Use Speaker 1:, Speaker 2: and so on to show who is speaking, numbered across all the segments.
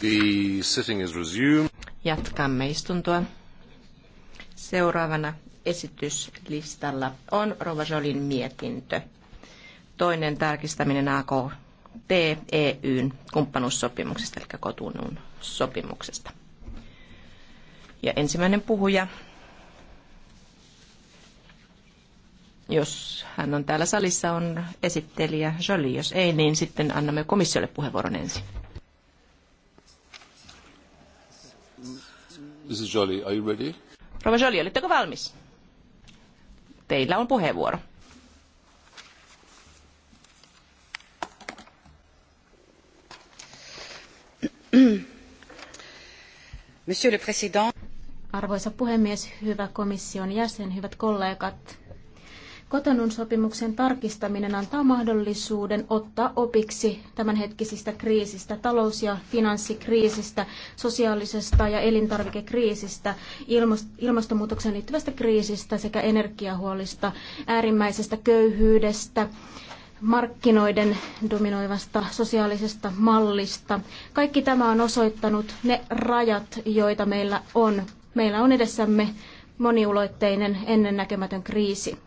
Speaker 1: The sitting is resumed. Jatkamme istuntoa. Seuraavana esityslistalla on Rova Jolin mietintö. Toinen tarkistaminen AKT EUn kumppanuussopimuksesta, eli kotunun sopimuksesta. Ja ensimmäinen puhuja, jos hän on täällä salissa, on esittelijä Jolie. Jos ei, niin sitten annamme komissiolle puheenvuoron ensin. Mrs. joly oletteko valmis? Teillä on puheenvuoro.
Speaker 2: Arvoisa puhemies, hyvä komission jäsen, hyvät kollegat. Kotonun sopimuksen tarkistaminen antaa mahdollisuuden ottaa opiksi tämänhetkisistä kriisistä, talous- ja finanssikriisistä, sosiaalisesta ja elintarvikekriisistä, ilmastonmuutokseen liittyvästä kriisistä sekä energiahuolista, äärimmäisestä köyhyydestä, markkinoiden dominoivasta sosiaalisesta mallista. Kaikki tämä on osoittanut ne rajat, joita meillä on. Meillä on edessämme moniulotteinen ennennäkemätön kriisi.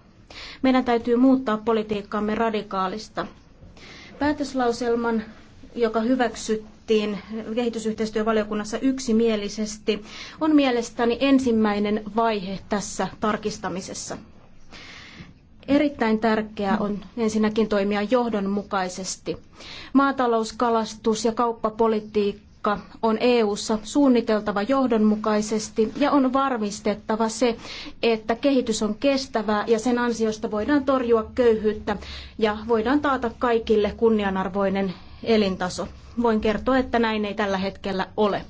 Speaker 2: Meidän täytyy muuttaa politiikkaamme radikaalista. Päätöslauselman, joka hyväksyttiin kehitysyhteistyövaliokunnassa yksimielisesti, on mielestäni ensimmäinen vaihe tässä tarkistamisessa. Erittäin tärkeää on ensinnäkin toimia johdonmukaisesti. Maatalous, kalastus ja kauppapolitiikka politiikka on EU:ssa suunniteltava johdonmukaisesti ja on varmistettava se, että kehitys on kestävää ja sen ansiosta voidaan torjua köyhyyttä ja voidaan taata kaikille kunnianarvoinen elintaso. Voin kertoa, että näin ei tällä hetkellä ole.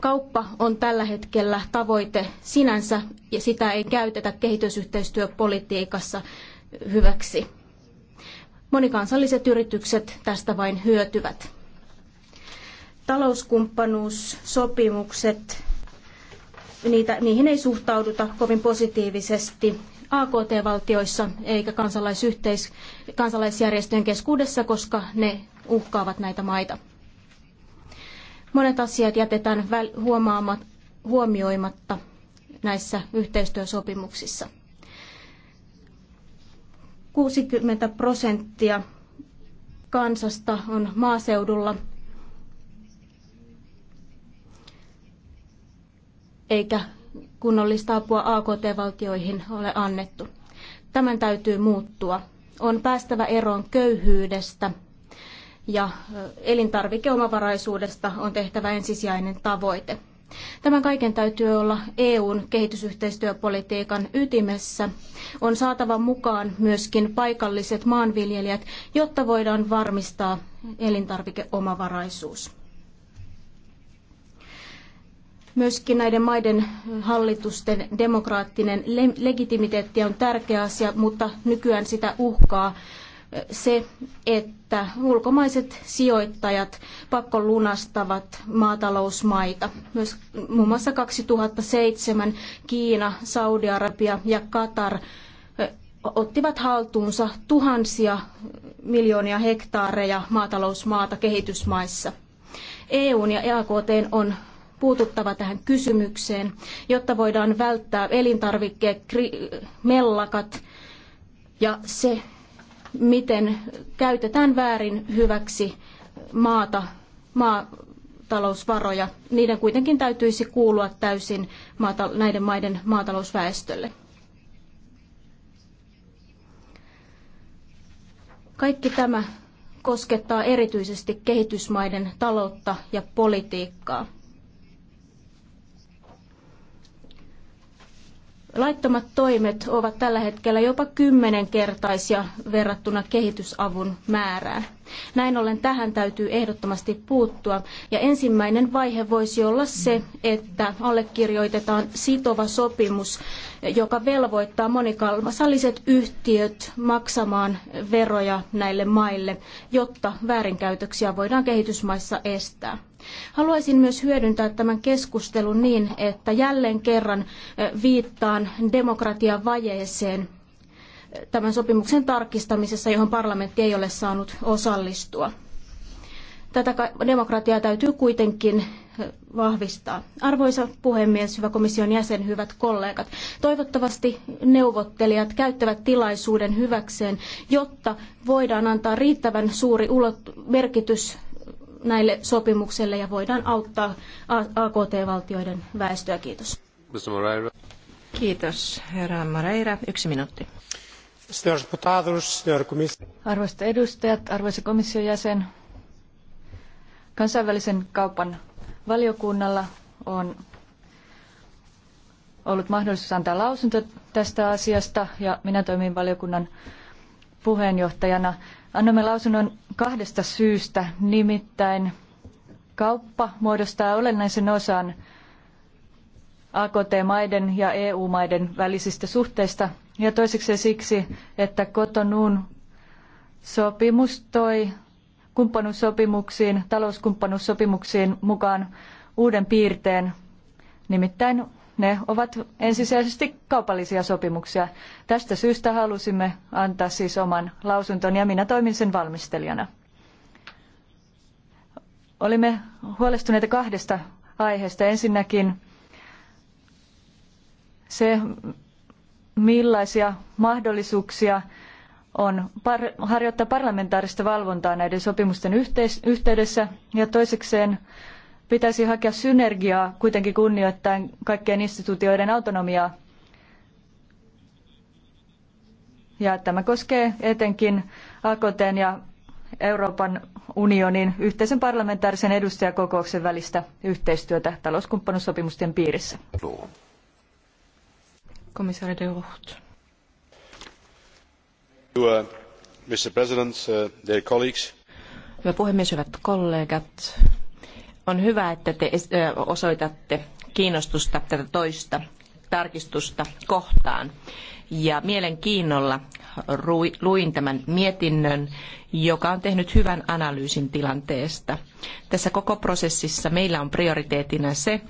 Speaker 2: Kauppa on tällä hetkellä tavoite sinänsä ja sitä ei käytetä kehitysyhteistyöpolitiikassa hyväksi. Monikansalliset yritykset tästä vain hyötyvät talouskumppanuussopimukset, niitä, niihin ei suhtauduta kovin positiivisesti AKT-valtioissa eikä kansalaisyhteis, kansalaisjärjestöjen keskuudessa, koska ne uhkaavat näitä maita. Monet asiat jätetään huomaamat, huomioimatta näissä yhteistyösopimuksissa. 60 prosenttia kansasta on maaseudulla eikä kunnollista apua AKT-valtioihin ole annettu. Tämän täytyy muuttua. On päästävä eroon köyhyydestä ja elintarvikeomavaraisuudesta on tehtävä ensisijainen tavoite. Tämän kaiken täytyy olla EUn kehitysyhteistyöpolitiikan ytimessä. On saatava mukaan myöskin paikalliset maanviljelijät, jotta voidaan varmistaa elintarvikeomavaraisuus. Myöskin näiden maiden hallitusten demokraattinen le- legitimiteetti on tärkeä asia, mutta nykyään sitä uhkaa eh, se, että ulkomaiset sijoittajat pakkolunastavat maatalousmaita. Myös muun muassa 2007 Kiina, Saudi-Arabia ja Katar eh, ottivat haltuunsa tuhansia miljoonia hektaareja maatalousmaata kehitysmaissa. EUn ja EAKT on puututtava tähän kysymykseen, jotta voidaan välttää elintarvikkeet, mellakat ja se, miten käytetään väärin hyväksi maata, maatalousvaroja. Niiden kuitenkin täytyisi kuulua täysin maata, näiden maiden maatalousväestölle. Kaikki tämä koskettaa erityisesti kehitysmaiden taloutta ja politiikkaa. Laittomat toimet ovat tällä hetkellä jopa kymmenenkertaisia verrattuna kehitysavun määrään. Näin ollen tähän täytyy ehdottomasti puuttua. Ja ensimmäinen vaihe voisi olla se, että allekirjoitetaan sitova sopimus, joka velvoittaa monikalmasalliset yhtiöt maksamaan veroja näille maille, jotta väärinkäytöksiä voidaan kehitysmaissa estää. Haluaisin myös hyödyntää tämän keskustelun niin, että jälleen kerran viittaan demokratiavajeeseen tämän sopimuksen tarkistamisessa, johon parlamentti ei ole saanut osallistua. Tätä demokratiaa täytyy kuitenkin vahvistaa. Arvoisa puhemies, hyvä komission jäsen, hyvät kollegat. Toivottavasti neuvottelijat käyttävät tilaisuuden hyväkseen, jotta voidaan antaa riittävän suuri merkitys näille sopimukselle ja voidaan auttaa AKT-valtioiden väestöä. Kiitos.
Speaker 3: Kiitos, herra Moreira. Yksi minuutti. Arvoisat edustajat, arvoisa komission jäsen, kansainvälisen kaupan valiokunnalla on ollut mahdollisuus antaa lausunto tästä asiasta ja minä toimin valiokunnan puheenjohtajana annamme lausunnon kahdesta syystä, nimittäin kauppa muodostaa olennaisen osan AKT-maiden ja EU-maiden välisistä suhteista ja toiseksi siksi, että Kotonuun sopimus toi kumppanuussopimuksiin, talouskumppanuussopimuksiin mukaan uuden piirteen, nimittäin ne ovat ensisijaisesti kaupallisia sopimuksia. Tästä syystä halusimme antaa siis oman lausuntoni ja minä toimin sen valmistelijana. Olimme huolestuneita kahdesta aiheesta. Ensinnäkin se, millaisia mahdollisuuksia on harjoittaa parlamentaarista valvontaa näiden sopimusten yhteydessä ja toisekseen pitäisi hakea synergiaa kuitenkin kunnioittaen kaikkien instituutioiden autonomiaa. Ja tämä koskee etenkin AKTn ja Euroopan unionin yhteisen parlamentaarisen edustajakokouksen välistä yhteistyötä talouskumppanuussopimusten piirissä. Komissaari de Rucht.
Speaker 1: Uh, Mr. President, uh, dear colleagues. Hyvä puhemies, hyvät kollegat on hyvä, että te osoitatte kiinnostusta tätä toista tarkistusta kohtaan. Ja mielenkiinnolla luin tämän mietinnön, joka on tehnyt hyvän analyysin tilanteesta. Tässä koko prosessissa meillä on prioriteetina se,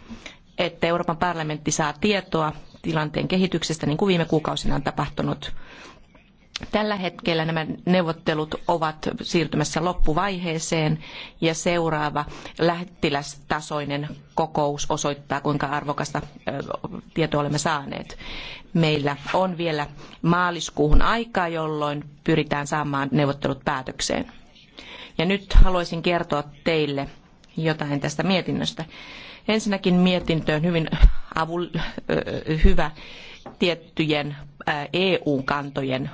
Speaker 1: että Euroopan parlamentti saa tietoa tilanteen kehityksestä, niin kuin viime kuukausina on tapahtunut. Tällä hetkellä nämä neuvottelut ovat siirtymässä loppuvaiheeseen ja seuraava lähettilästasoinen kokous osoittaa, kuinka arvokasta tietoa olemme saaneet. Meillä on vielä maaliskuuhun aikaa, jolloin pyritään saamaan neuvottelut päätökseen. Ja nyt haluaisin kertoa teille jotain tästä mietinnöstä. Ensinnäkin mietintö on hyvin avul, hyvä tiettyjen EU-kantojen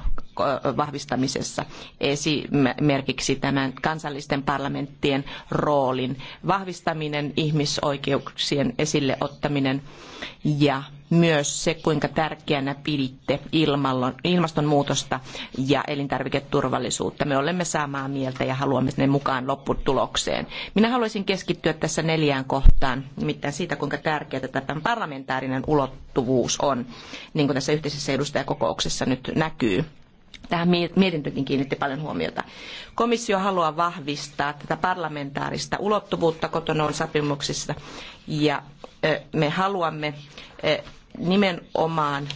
Speaker 1: vahvistamisessa, esimerkiksi tämän kansallisten parlamenttien roolin vahvistaminen, ihmisoikeuksien esille ottaminen ja myös se, kuinka tärkeänä piditte ilmastonmuutosta ja elintarviketurvallisuutta. Me olemme samaa mieltä ja haluamme ne mukaan lopputulokseen. Minä haluaisin keskittyä tässä neljään kohtaan, nimittäin siitä, kuinka tärkeää tämä parlamentaarinen ulottuvuus on, niin kuin tässä yhteisessä edustajakokouksessa nyt näkyy. Tähän mietintökin kiinnitti paljon huomiota. Komissio haluaa vahvistaa tätä parlamentaarista ulottuvuutta kotonoon sopimuksissa ja me haluamme nimenomaan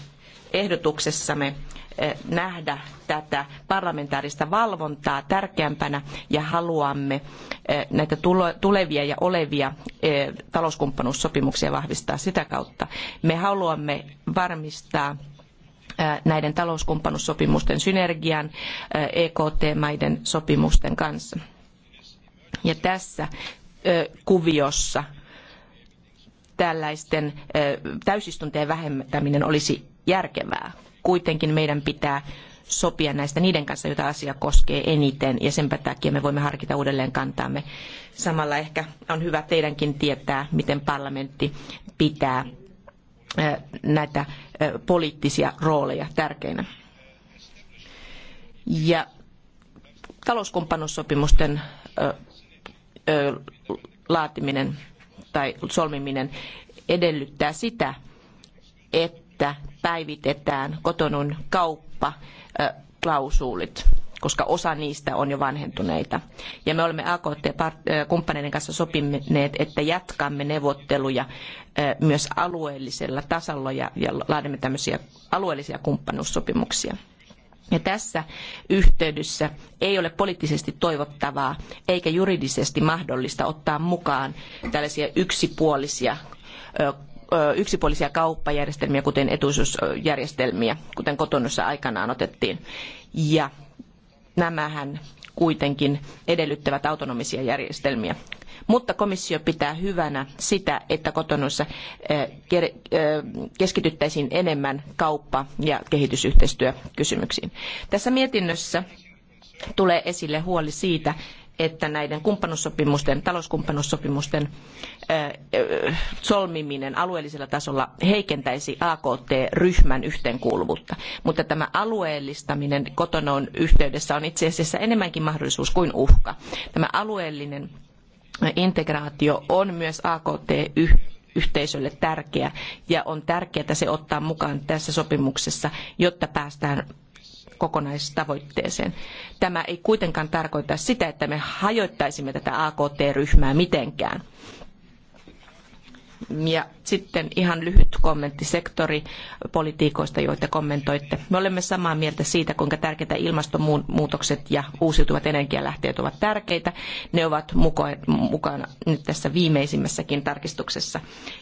Speaker 1: ehdotuksessamme nähdä tätä parlamentaarista valvontaa tärkeämpänä ja haluamme näitä tulevia ja olevia talouskumppanuussopimuksia vahvistaa sitä kautta. Me haluamme varmistaa näiden talouskumppanuussopimusten synergian EKT-maiden sopimusten kanssa. Ja tässä kuviossa tällaisten täysistuntojen vähentäminen olisi järkevää. Kuitenkin meidän pitää sopia näistä niiden kanssa, joita asia koskee eniten, ja sen takia me voimme harkita uudelleen kantaamme. Samalla ehkä on hyvä teidänkin tietää, miten parlamentti pitää näitä poliittisia rooleja tärkeinä. Ja talouskumppanuussopimusten laatiminen tai solmiminen edellyttää sitä, että päivitetään kotonun kauppaklausuulit koska osa niistä on jo vanhentuneita. Ja me olemme AKT-kumppaneiden kanssa sopineet, että jatkamme neuvotteluja myös alueellisella tasolla ja, laadimme tämmöisiä alueellisia kumppanuussopimuksia. Ja tässä yhteydessä ei ole poliittisesti toivottavaa eikä juridisesti mahdollista ottaa mukaan tällaisia yksipuolisia yksipuolisia kauppajärjestelmiä, kuten etuisuusjärjestelmiä, kuten kotonnossa aikanaan otettiin. Ja Nämähän kuitenkin edellyttävät autonomisia järjestelmiä. Mutta komissio pitää hyvänä sitä, että kotonoissa keskityttäisiin enemmän kauppa- ja kehitysyhteistyökysymyksiin. Tässä mietinnössä tulee esille huoli siitä, että näiden kumppanussopimusten, talouskumppanussopimusten solmiminen alueellisella tasolla heikentäisi AKT-ryhmän yhteenkuuluvuutta. Mutta tämä alueellistaminen kotonoon yhteydessä on itse asiassa enemmänkin mahdollisuus kuin uhka. Tämä alueellinen integraatio on myös akt yhteisölle tärkeä ja on tärkeää se ottaa mukaan tässä sopimuksessa, jotta päästään kokonaistavoitteeseen. Tämä ei kuitenkaan tarkoita sitä, että me hajoittaisimme tätä AKT-ryhmää mitenkään. Ja sitten ihan lyhyt kommentti sektoripolitiikoista, joita kommentoitte. Me olemme samaa mieltä siitä, kuinka tärkeitä ilmastonmuutokset ja uusiutuvat energialähteet ovat tärkeitä. Ne ovat mukana nyt tässä viimeisimmässäkin tarkistuksessa.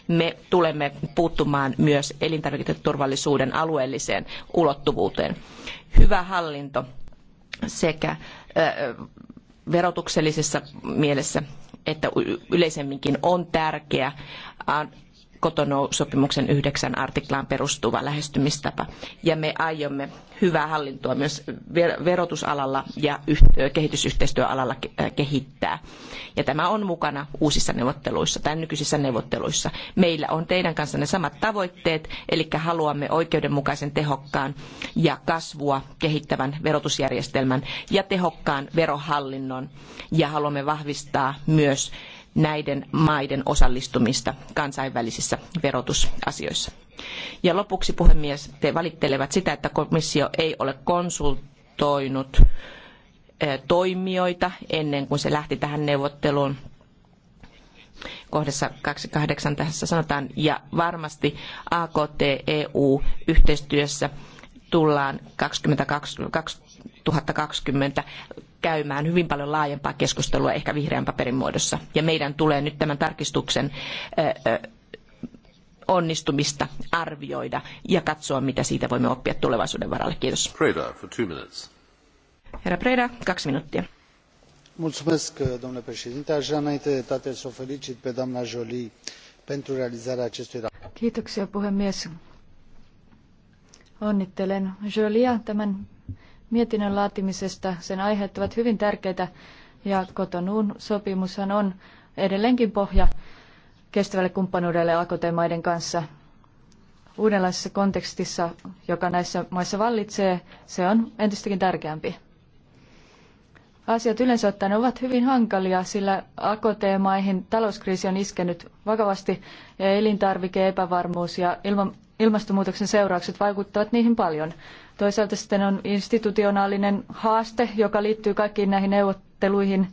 Speaker 1: Me tulemme puuttumaan myös elintarviketurvallisuuden alueelliseen ulottuvuuteen. Hyvä hallinto sekä verotuksellisessa mielessä että yleisemminkin on tärkeä Kotonou-sopimuksen yhdeksän artiklaan perustuva lähestymistapa. Ja me aiomme hyvää hallintoa myös verotusalalla ja kehitysyhteistyöalalla äh, kehittää. Ja tämä on mukana uusissa neuvotteluissa tai nykyisissä neuvotteluissa. Meillä on teidän kanssanne samat tavoitteet, eli haluamme oikeudenmukaisen, tehokkaan ja kasvua kehittävän verotusjärjestelmän ja tehokkaan verohallinnon. Ja haluamme vahvistaa myös näiden maiden osallistumista kansainvälisissä verotusasioissa. Ja lopuksi puhemies, te valittelevat sitä, että komissio ei ole konsultoinut eh, toimijoita ennen kuin se lähti tähän neuvotteluun kohdassa 28 tässä sanotaan, ja varmasti AKT-EU-yhteistyössä tullaan 22, 22 2020 käymään hyvin paljon laajempaa keskustelua ehkä vihreän paperin muodossa. Ja meidän tulee nyt tämän tarkistuksen onnistumista arvioida ja katsoa, mitä siitä voimme oppia tulevaisuuden varalle. Kiitos. Preda, for two minutes. Herra Preda, kaksi minuuttia.
Speaker 3: Mulțumesc, domnule președinte. Aș vrea înainte de toate să o felicit pe doamna Jolie pentru realizarea acestui raport. Kiitoksia puhemies. Onnittelen Jolia tämän mietinnön laatimisesta. Sen aiheet ovat hyvin tärkeitä ja Kotonuun sopimushan on edelleenkin pohja kestävälle kumppanuudelle AKT-maiden kanssa. Uudenlaisessa kontekstissa, joka näissä maissa vallitsee, se on entistäkin tärkeämpi. Asiat yleensä ottaen ovat hyvin hankalia, sillä AKT-maihin talouskriisi on iskenyt vakavasti ja elintarvike-epävarmuus ja ilman ilmastonmuutoksen seuraukset vaikuttavat niihin paljon. Toisaalta sitten on institutionaalinen haaste, joka liittyy kaikkiin näihin neuvotteluihin.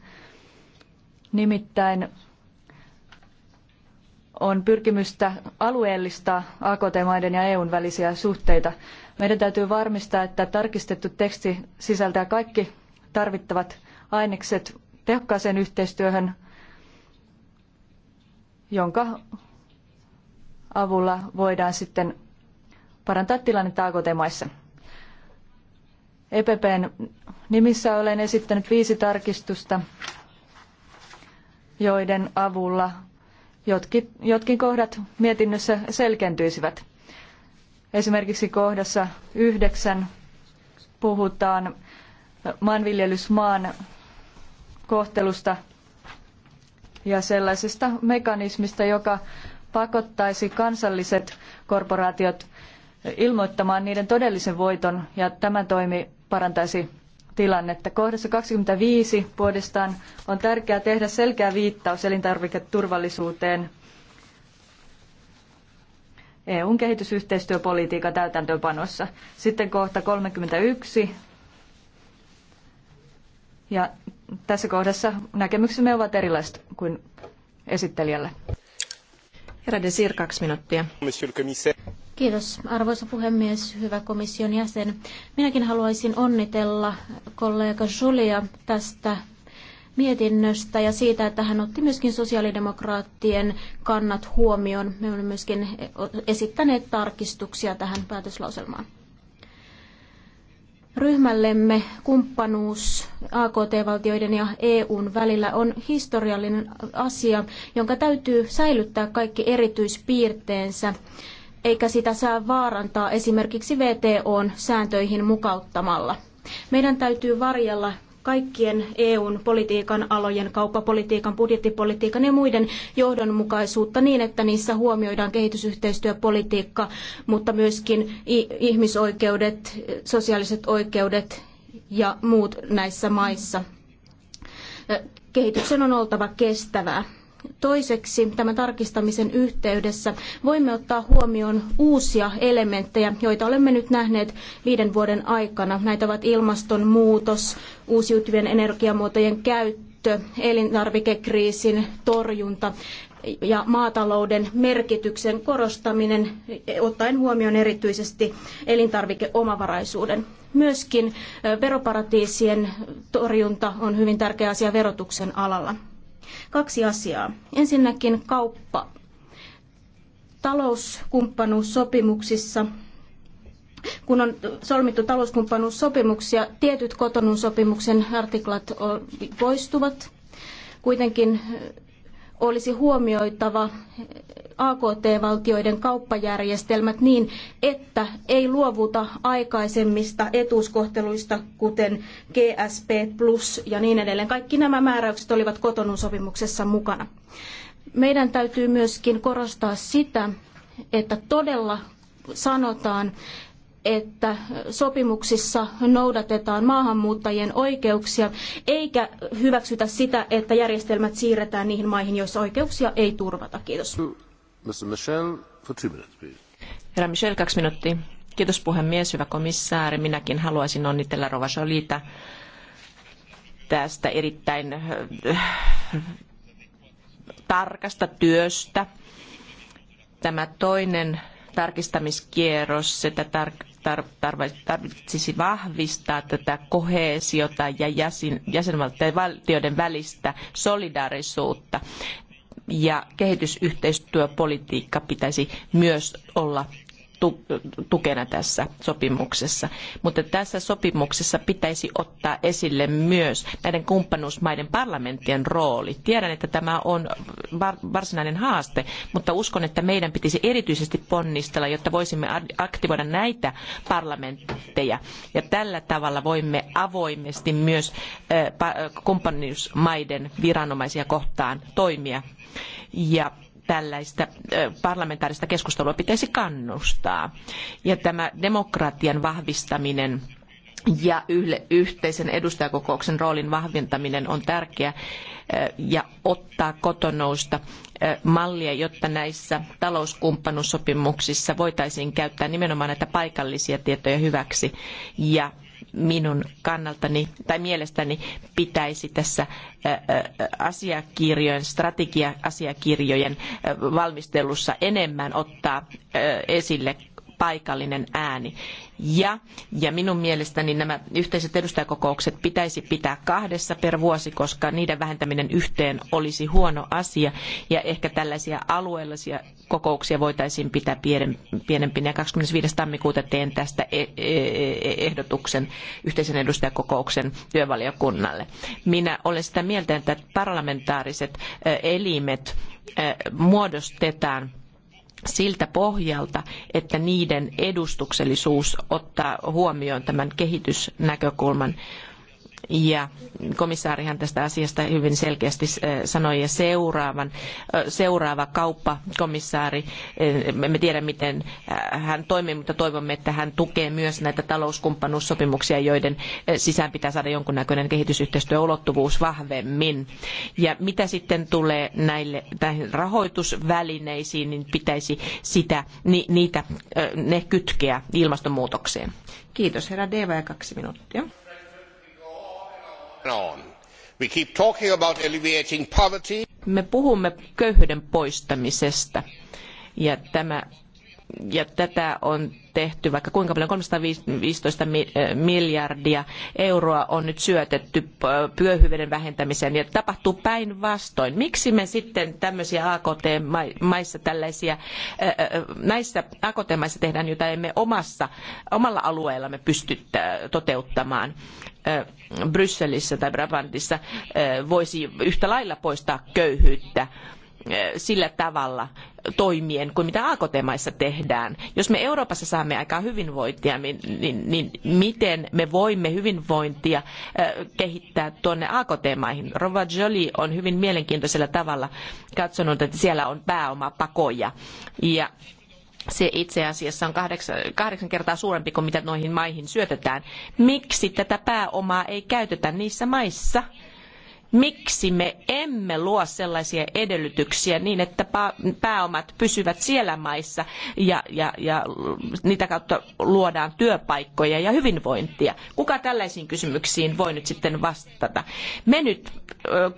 Speaker 3: Nimittäin on pyrkimystä alueellistaa AKT-maiden ja EUn välisiä suhteita. Meidän täytyy varmistaa, että tarkistettu teksti sisältää kaikki tarvittavat ainekset tehokkaaseen yhteistyöhön, jonka avulla voidaan sitten parantaa tilannetta AKT-maissa. EPPn nimissä olen esittänyt viisi tarkistusta, joiden avulla jotkin, jotkin kohdat mietinnössä selkentyisivät. Esimerkiksi kohdassa yhdeksän puhutaan maanviljelysmaan kohtelusta ja sellaisesta mekanismista, joka pakottaisi kansalliset korporaatiot ilmoittamaan niiden todellisen voiton ja tämä toimi parantaisi tilannetta. Kohdassa 25 puolestaan on tärkeää tehdä selkeä viittaus elintarviketurvallisuuteen EUn kehitysyhteistyöpolitiikan täytäntöönpanossa. Sitten kohta 31. Ja tässä kohdassa näkemyksemme ovat erilaiset kuin esittelijällä kaksi minuuttia.
Speaker 2: Kiitos, arvoisa puhemies, hyvä komission jäsen. Minäkin haluaisin onnitella kollega Julia tästä mietinnöstä ja siitä, että hän otti myöskin sosiaalidemokraattien kannat huomioon. Me olemme myöskin esittäneet tarkistuksia tähän päätöslauselmaan. Ryhmällemme kumppanuus AKT-valtioiden ja EUn välillä on historiallinen asia, jonka täytyy säilyttää kaikki erityispiirteensä, eikä sitä saa vaarantaa esimerkiksi VTOn sääntöihin mukauttamalla. Meidän täytyy varjella kaikkien EUn politiikan alojen, kauppapolitiikan, budjettipolitiikan ja muiden johdonmukaisuutta niin, että niissä huomioidaan kehitysyhteistyöpolitiikka, mutta myöskin ihmisoikeudet, sosiaaliset oikeudet ja muut näissä maissa. Kehityksen on oltava kestävää. Toiseksi tämän tarkistamisen yhteydessä voimme ottaa huomioon uusia elementtejä, joita olemme nyt nähneet viiden vuoden aikana. Näitä ovat ilmastonmuutos, uusiutuvien energiamuotojen käyttö, elintarvikekriisin torjunta ja maatalouden merkityksen korostaminen, ottaen huomioon erityisesti elintarvikeomavaraisuuden. Myöskin veroparatiisien torjunta on hyvin tärkeä asia verotuksen alalla. Kaksi asiaa. Ensinnäkin kauppa. Talouskumppanuussopimuksissa kun on solmittu talouskumppanuussopimuksia, tietyt kotonun sopimuksen artiklat poistuvat. Kuitenkin olisi huomioitava AKT-valtioiden kauppajärjestelmät niin, että ei luovuta aikaisemmista etuuskohteluista, kuten GSP Plus ja niin edelleen. Kaikki nämä määräykset olivat kotonun sopimuksessa mukana. Meidän täytyy myöskin korostaa sitä, että todella sanotaan, että sopimuksissa noudatetaan maahanmuuttajien oikeuksia, eikä hyväksytä sitä, että järjestelmät siirretään niihin maihin, joissa oikeuksia ei turvata. Kiitos. Mr. Michel, for two minutes, please. Herra
Speaker 1: Michel, kaksi minuuttia. Kiitos puhemies, hyvä komissaari. Minäkin haluaisin onnitella Rova Jolita tästä erittäin äh, tarkasta työstä. Tämä toinen tarkistamiskierros, sitä tarvitsisi vahvistaa tätä koheesiota ja jäsenvaltioiden välistä solidaarisuutta. Ja kehitysyhteistyöpolitiikka pitäisi myös olla tukena tässä sopimuksessa. Mutta tässä sopimuksessa pitäisi ottaa esille myös näiden kumppanuusmaiden parlamenttien rooli. Tiedän, että tämä on varsinainen haaste, mutta uskon, että meidän pitäisi erityisesti ponnistella, jotta voisimme aktivoida näitä parlamentteja. Ja tällä tavalla voimme avoimesti myös eh, kumppanuusmaiden viranomaisia kohtaan toimia. Ja tällaista parlamentaarista keskustelua pitäisi kannustaa. Ja tämä demokratian vahvistaminen ja yhteisen edustajakokouksen roolin vahvintaminen on tärkeää ja ottaa kotonousta mallia, jotta näissä talouskumppanuussopimuksissa voitaisiin käyttää nimenomaan näitä paikallisia tietoja hyväksi ja minun kannaltani tai mielestäni pitäisi tässä asiakirjojen, strategia-asiakirjojen valmistelussa enemmän ottaa esille paikallinen ääni. Ja, ja minun mielestäni nämä yhteiset edustajakokoukset pitäisi pitää kahdessa per vuosi, koska niiden vähentäminen yhteen olisi huono asia. Ja ehkä tällaisia alueellisia kokouksia voitaisiin pitää pienempinä. 25. tammikuuta teen tästä e, e, e, ehdotuksen yhteisen edustajakokouksen työvaliokunnalle. Minä olen sitä mieltä, että parlamentaariset elimet muodostetaan siltä pohjalta, että niiden edustuksellisuus ottaa huomioon tämän kehitysnäkökulman ja komissaarihan tästä asiasta hyvin selkeästi äh, sanoi, ja seuraavan, äh, seuraava kauppakomissaari, äh, me tiedä miten hän toimii, mutta toivomme, että hän tukee myös näitä talouskumppanuussopimuksia, joiden sisään pitää saada jonkunnäköinen kehitysyhteistyöulottuvuus vahvemmin. Ja mitä sitten tulee näille, näihin rahoitusvälineisiin, niin pitäisi sitä, niitä, ne kytkeä ilmastonmuutokseen. Kiitos herra Deva ja kaksi minuuttia. Me puhumme köyhyyden poistamisesta ja tämä ja tätä on tehty vaikka kuinka paljon, 315 eh, miljardia euroa on nyt syötetty eh, pyöhyveden vähentämiseen ja tapahtuu päinvastoin. Miksi me sitten tämmöisiä AKT-maissa tällaisia, eh, näissä AKT-maissa tehdään, jota emme omassa, omalla alueellamme pysty toteuttamaan? Brysselissä tai Brabantissa voisi yhtä lailla poistaa köyhyyttä sillä tavalla toimien kuin mitä AKT-maissa tehdään. Jos me Euroopassa saamme aikaa hyvinvointia, niin, niin, niin miten me voimme hyvinvointia kehittää tuonne AKT-maihin? Rova Jolie on hyvin mielenkiintoisella tavalla katsonut, että siellä on pääomapakoja. Ja se itse asiassa on kahdeksan, kahdeksan kertaa suurempi kuin mitä noihin maihin syötetään. Miksi tätä pääomaa ei käytetä niissä maissa? miksi me emme luo sellaisia edellytyksiä niin, että pääomat pysyvät siellä maissa ja, ja, ja niitä kautta luodaan työpaikkoja ja hyvinvointia. Kuka tällaisiin kysymyksiin voi nyt sitten vastata? Me nyt ö,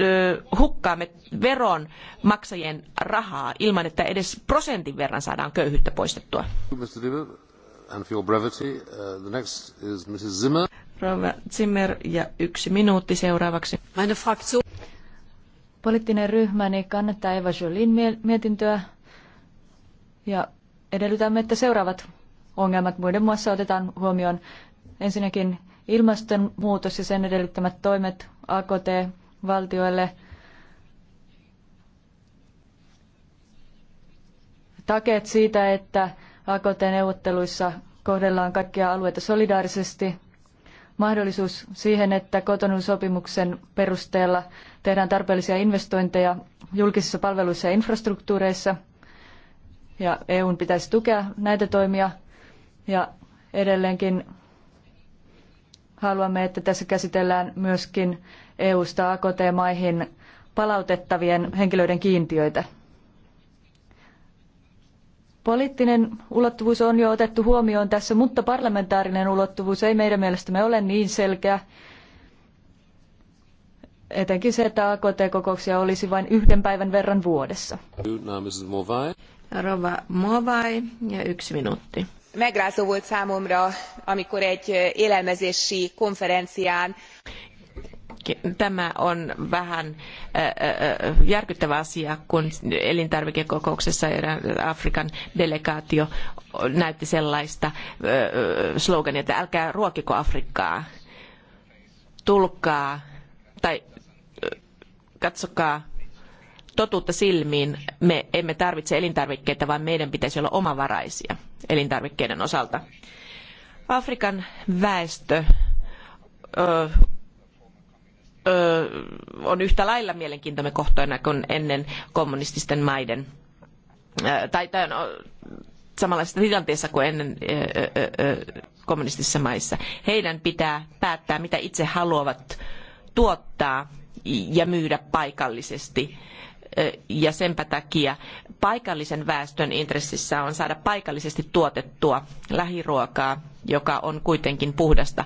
Speaker 1: ö, hukkaamme veronmaksajien rahaa ilman, että edes prosentin verran saadaan köyhyyttä poistettua. Rova Zimmer ja yksi minuutti seuraavaksi. Meine Fraktion.
Speaker 3: Poliittinen ryhmäni kannattaa Eva Jolin mietintöä ja edellytämme, että seuraavat ongelmat muiden muassa otetaan huomioon. Ensinnäkin ilmastonmuutos ja sen edellyttämät toimet AKT-valtioille, takeet siitä, että AKT-neuvotteluissa kohdellaan kaikkia alueita solidaarisesti, mahdollisuus siihen, että kotonuusopimuksen sopimuksen perusteella tehdään tarpeellisia investointeja julkisissa palveluissa ja infrastruktuureissa. Ja EUn pitäisi tukea näitä toimia. Ja edelleenkin haluamme, että tässä käsitellään myöskin EU-sta AKT-maihin palautettavien henkilöiden kiintiöitä. Poliittinen ulottuvuus on jo otettu huomioon tässä, mutta parlamentaarinen ulottuvuus ei meidän mielestämme ole niin selkeä. Etenkin se, että AKT-kokouksia olisi vain yhden päivän verran vuodessa. Rova Movai ja yksi
Speaker 1: minuutti. Megrázó volt számomra, amikor egy élelmezési konferencián Tämä on vähän äh, äh, järkyttävä asia, kun elintarvikekokouksessa Afrikan delegaatio näytti sellaista äh, slogania, että älkää ruokiko Afrikkaa, tulkaa tai katsokaa totuutta silmiin. Me emme tarvitse elintarvikkeita, vaan meidän pitäisi olla omavaraisia elintarvikkeiden osalta. Afrikan väestö on yhtä lailla mielenkiintoinen kohtoina kuin ennen kommunististen maiden tai tämän, samanlaisessa tilanteessa kuin ennen kommunistisissa maissa. Heidän pitää päättää, mitä itse haluavat tuottaa ja myydä paikallisesti ja senpä takia paikallisen väestön intressissä on saada paikallisesti tuotettua lähiruokaa, joka on kuitenkin puhdasta.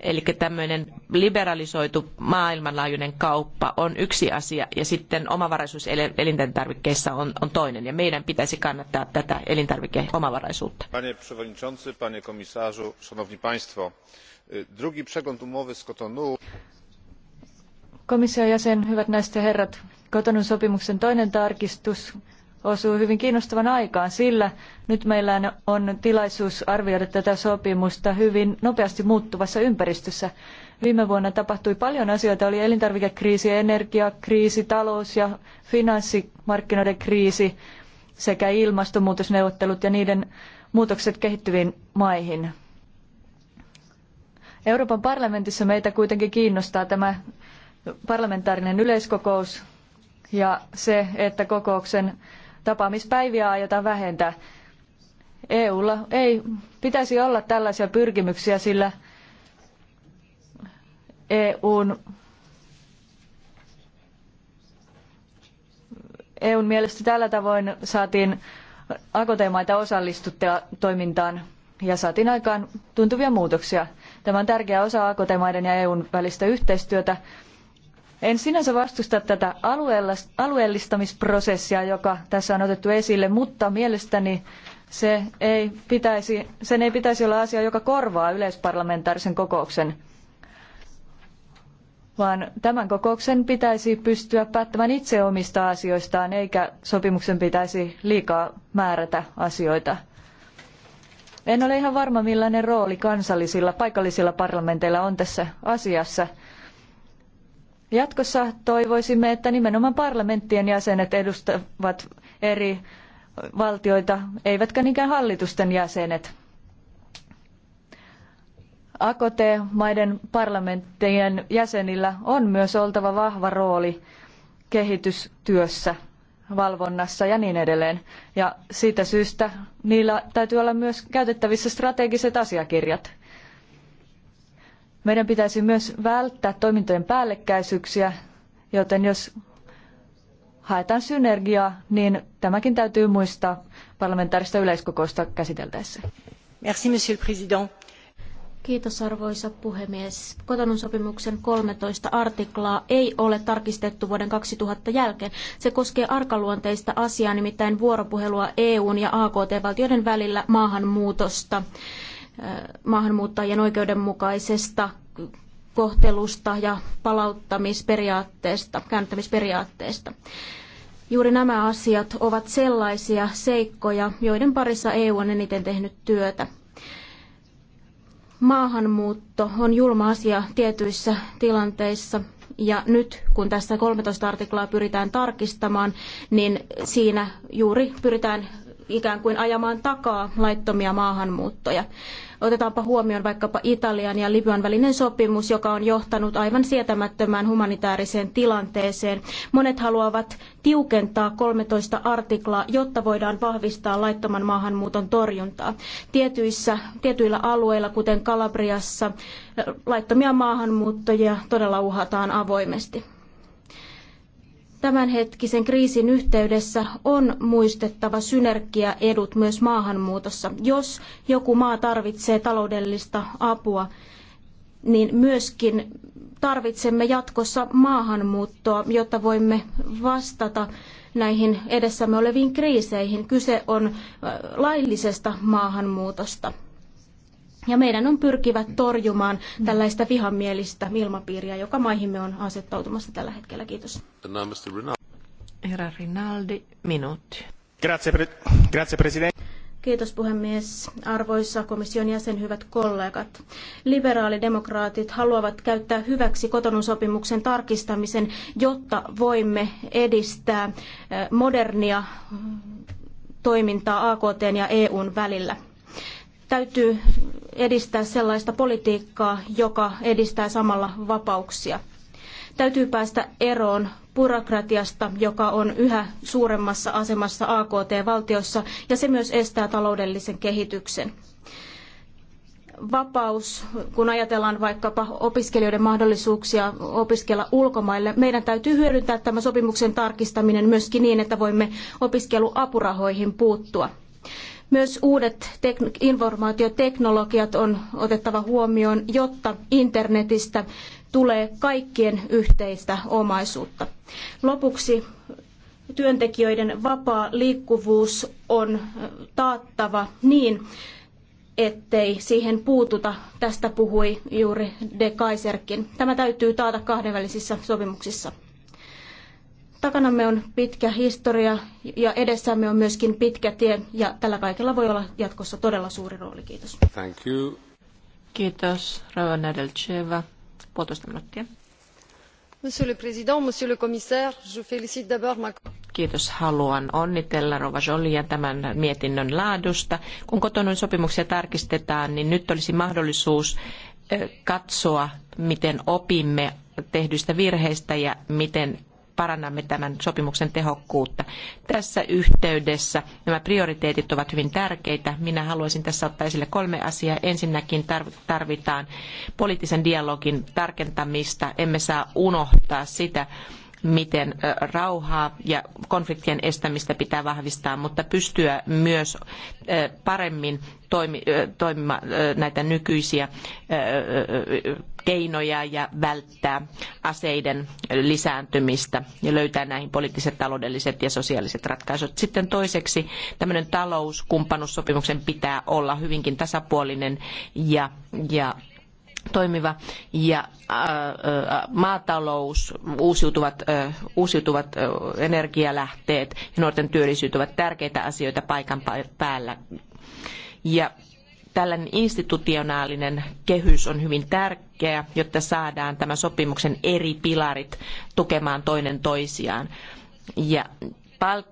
Speaker 1: Eli tämmöinen liberalisoitu maailmanlaajuinen kauppa on yksi asia ja sitten omavaraisuus elintarvikkeissa on, on toinen ja meidän pitäisi kannattaa tätä elintarvikeomavaraisuutta. Panie przewodniczący, panie komisarzu, szanowni państwo. Drugi przegląd umowy
Speaker 3: z Kotonu. Komission jäsen, hyvät naiset ja herrat, Kotonun sopimuksen toinen tarkistus osuu hyvin kiinnostavan aikaan, sillä nyt meillä on tilaisuus arvioida tätä sopimusta hyvin nopeasti muuttuvassa ympäristössä. Viime vuonna tapahtui paljon asioita, oli elintarvikekriisi, energiakriisi, talous- ja finanssimarkkinoiden kriisi sekä ilmastonmuutosneuvottelut ja niiden muutokset kehittyviin maihin. Euroopan parlamentissa meitä kuitenkin kiinnostaa tämä parlamentaarinen yleiskokous, ja se, että kokouksen tapaamispäiviä aiotaan vähentää. EUlla ei pitäisi olla tällaisia pyrkimyksiä, sillä EUn, EUn mielestä tällä tavoin saatiin AKT-maita osallistuttaa toimintaan ja saatiin aikaan tuntuvia muutoksia. Tämä on tärkeä osa AKT-maiden ja EUn välistä yhteistyötä en sinänsä vastusta tätä alueellistamisprosessia, joka tässä on otettu esille, mutta mielestäni se ei pitäisi, sen ei pitäisi olla asia, joka korvaa yleisparlamentaarisen kokouksen, vaan tämän kokouksen pitäisi pystyä päättämään itse omista asioistaan, eikä sopimuksen pitäisi liikaa määrätä asioita. En ole ihan varma, millainen rooli kansallisilla, paikallisilla parlamenteilla on tässä asiassa – Jatkossa toivoisimme, että nimenomaan parlamenttien jäsenet edustavat eri valtioita, eivätkä niinkään hallitusten jäsenet. AKT-maiden parlamenttien jäsenillä on myös oltava vahva rooli kehitystyössä, valvonnassa ja niin edelleen. Ja siitä syystä niillä täytyy olla myös käytettävissä strategiset asiakirjat. Meidän pitäisi myös välttää toimintojen päällekkäisyyksiä, joten jos haetaan synergiaa, niin tämäkin täytyy muistaa parlamentaarista yleiskokousta käsiteltäessä.
Speaker 2: Merci, monsieur le président. Kiitos arvoisa puhemies. Kotonun sopimuksen 13 artiklaa ei ole tarkistettu vuoden 2000 jälkeen. Se koskee arkaluonteista asiaa, nimittäin vuoropuhelua EUn ja AKT-valtioiden välillä maahanmuutosta maahanmuuttajien oikeudenmukaisesta kohtelusta ja palauttamisperiaatteesta, käännyttämisperiaatteesta. Juuri nämä asiat ovat sellaisia seikkoja, joiden parissa EU on eniten tehnyt työtä. Maahanmuutto on julma asia tietyissä tilanteissa ja nyt kun tässä 13 artiklaa pyritään tarkistamaan, niin siinä juuri pyritään ikään kuin ajamaan takaa laittomia maahanmuuttoja. Otetaanpa huomioon vaikkapa Italian ja Libyan välinen sopimus, joka on johtanut aivan sietämättömään humanitaariseen tilanteeseen. Monet haluavat tiukentaa 13 artiklaa, jotta voidaan vahvistaa laittoman maahanmuuton torjuntaa. Tietyissä, tietyillä alueilla, kuten Kalabriassa, laittomia maahanmuuttajia todella uhataan avoimesti. Tämänhetkisen kriisin yhteydessä on muistettava synergiaedut myös maahanmuutossa. Jos joku maa tarvitsee taloudellista apua, niin myöskin tarvitsemme jatkossa maahanmuuttoa, jotta voimme vastata näihin edessämme oleviin kriiseihin. Kyse on äh, laillisesta maahanmuutosta. Ja meidän on pyrkivät torjumaan tällaista vihamielistä ilmapiiriä, joka maihimme on asettautumassa tällä hetkellä. Kiitos. Herra Rinaldi,
Speaker 1: minuutti. Grazie, grazie presidente.
Speaker 2: Kiitos puhemies. Arvoisa komission jäsen, hyvät kollegat. Liberaalidemokraatit haluavat käyttää hyväksi kotonun sopimuksen tarkistamisen, jotta voimme edistää eh, modernia mm, toimintaa AKT ja EUn välillä Täytyy edistää sellaista politiikkaa, joka edistää samalla vapauksia. Täytyy päästä eroon byrokratiasta, joka on yhä suuremmassa asemassa AKT-valtiossa, ja se myös estää taloudellisen kehityksen vapaus, kun ajatellaan vaikkapa opiskelijoiden mahdollisuuksia opiskella ulkomaille. Meidän täytyy hyödyntää tämä sopimuksen tarkistaminen myöskin niin, että voimme opiskeluapurahoihin puuttua. Myös uudet tek- informaatioteknologiat on otettava huomioon, jotta internetistä tulee kaikkien yhteistä omaisuutta. Lopuksi työntekijöiden vapaa liikkuvuus on taattava niin, ettei siihen puututa. Tästä puhui juuri De Kaiserkin. Tämä täytyy taata kahdenvälisissä sopimuksissa. Takanamme on pitkä historia ja edessämme on myöskin pitkä tie ja tällä kaikella voi olla jatkossa
Speaker 3: todella suuri rooli. Kiitos.
Speaker 1: Thank you. Kiitos, Rauha Nedelcheva. Puolitoista minuuttia.
Speaker 3: Monsieur le Président, Monsieur le Commissaire, je félicite d'abord ma...
Speaker 1: Kiitos. Haluan onnitella Rova Jolia tämän mietinnön laadusta. Kun kotonun sopimuksia tarkistetaan, niin nyt olisi mahdollisuus eh, katsoa, miten opimme tehdyistä virheistä ja miten parannamme tämän sopimuksen tehokkuutta. Tässä yhteydessä nämä prioriteetit ovat hyvin tärkeitä. Minä haluaisin tässä ottaa esille kolme asiaa. Ensinnäkin tarvitaan poliittisen dialogin tarkentamista. Emme saa unohtaa sitä, miten rauhaa ja konfliktien estämistä pitää vahvistaa, mutta pystyä myös paremmin toimimaan näitä nykyisiä keinoja ja välttää aseiden lisääntymistä ja löytää näihin poliittiset, taloudelliset ja sosiaaliset ratkaisut. Sitten toiseksi tämmöinen talouskumppanuussopimuksen pitää olla hyvinkin tasapuolinen ja, ja toimiva ja maatalous, uusiutuvat, uusiutuvat energialähteet ja nuorten työllisyys ovat tärkeitä asioita paikan päällä. Ja tällainen institutionaalinen kehys on hyvin tärkeä, jotta saadaan tämän sopimuksen eri pilarit tukemaan toinen toisiaan. Ja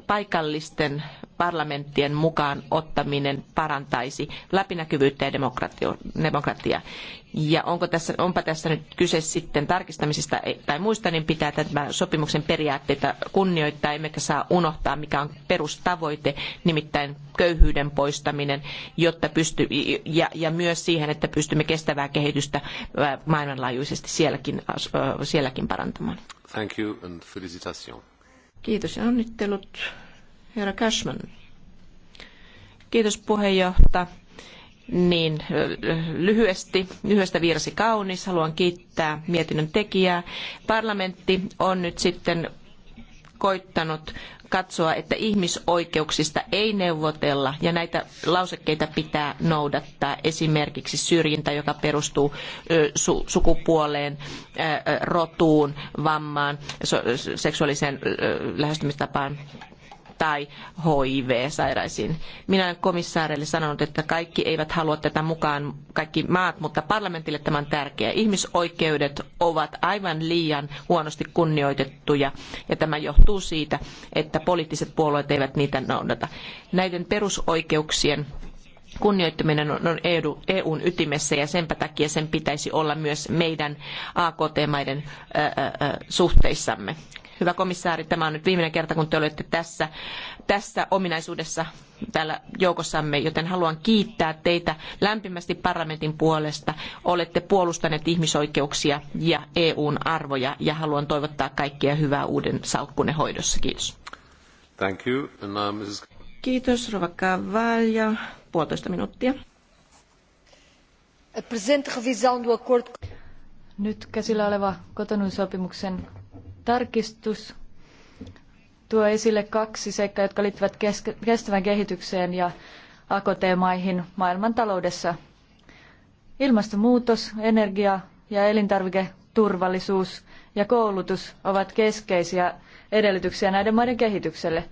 Speaker 1: paikallisten parlamenttien mukaan ottaminen parantaisi läpinäkyvyyttä ja demokratiaa. Ja onko tässä, onpa tässä nyt kyse sitten tarkistamisesta tai muista, niin pitää tämän sopimuksen periaatteita kunnioittaa, emmekä saa unohtaa, mikä on perustavoite, nimittäin köyhyyden poistaminen, jotta pysty, ja, ja myös siihen, että pystymme kestävää kehitystä maailmanlaajuisesti sielläkin, sielläkin parantamaan.
Speaker 2: Thank you and felicitations.
Speaker 1: Kiitos ja onnittelut, herra Cashman. Kiitos puheenjohtaja. Niin, lyhyesti, lyhyestä virsi kaunis. Haluan kiittää mietinnön tekijää. Parlamentti on nyt sitten koittanut katsoa, että ihmisoikeuksista ei neuvotella ja näitä lausekkeita pitää noudattaa. Esimerkiksi syrjintä, joka perustuu sukupuoleen, rotuun, vammaan, seksuaaliseen lähestymistapaan tai HIV-sairaisiin. Minä olen komissaarille sanonut, että kaikki eivät halua tätä mukaan, kaikki maat, mutta parlamentille tämä on tärkeää. Ihmisoikeudet ovat aivan liian huonosti kunnioitettuja ja tämä johtuu siitä, että poliittiset puolueet eivät niitä noudata. Näiden perusoikeuksien kunnioittaminen on EUn ytimessä ja senpä takia sen pitäisi olla myös meidän AKT-maiden suhteissamme. Hyvä komissaari, tämä on nyt viimeinen kerta, kun te olette tässä, tässä ominaisuudessa täällä joukossamme, joten haluan kiittää teitä lämpimästi parlamentin puolesta. Olette puolustaneet ihmisoikeuksia ja EUn arvoja ja haluan toivottaa kaikkia hyvää uuden salkkunne hoidossa. Kiitos.
Speaker 2: Thank you. And, Mrs.
Speaker 1: Kiitos, Rova Cavalja. Puolitoista minuuttia.
Speaker 3: Nyt käsillä oleva Tarkistus tuo esille kaksi seikkaa, jotka liittyvät kestävän kehitykseen ja AKT-maihin maailmantaloudessa. Ilmastonmuutos, energia ja elintarviketurvallisuus ja koulutus ovat keskeisiä edellytyksiä näiden maiden kehitykselle.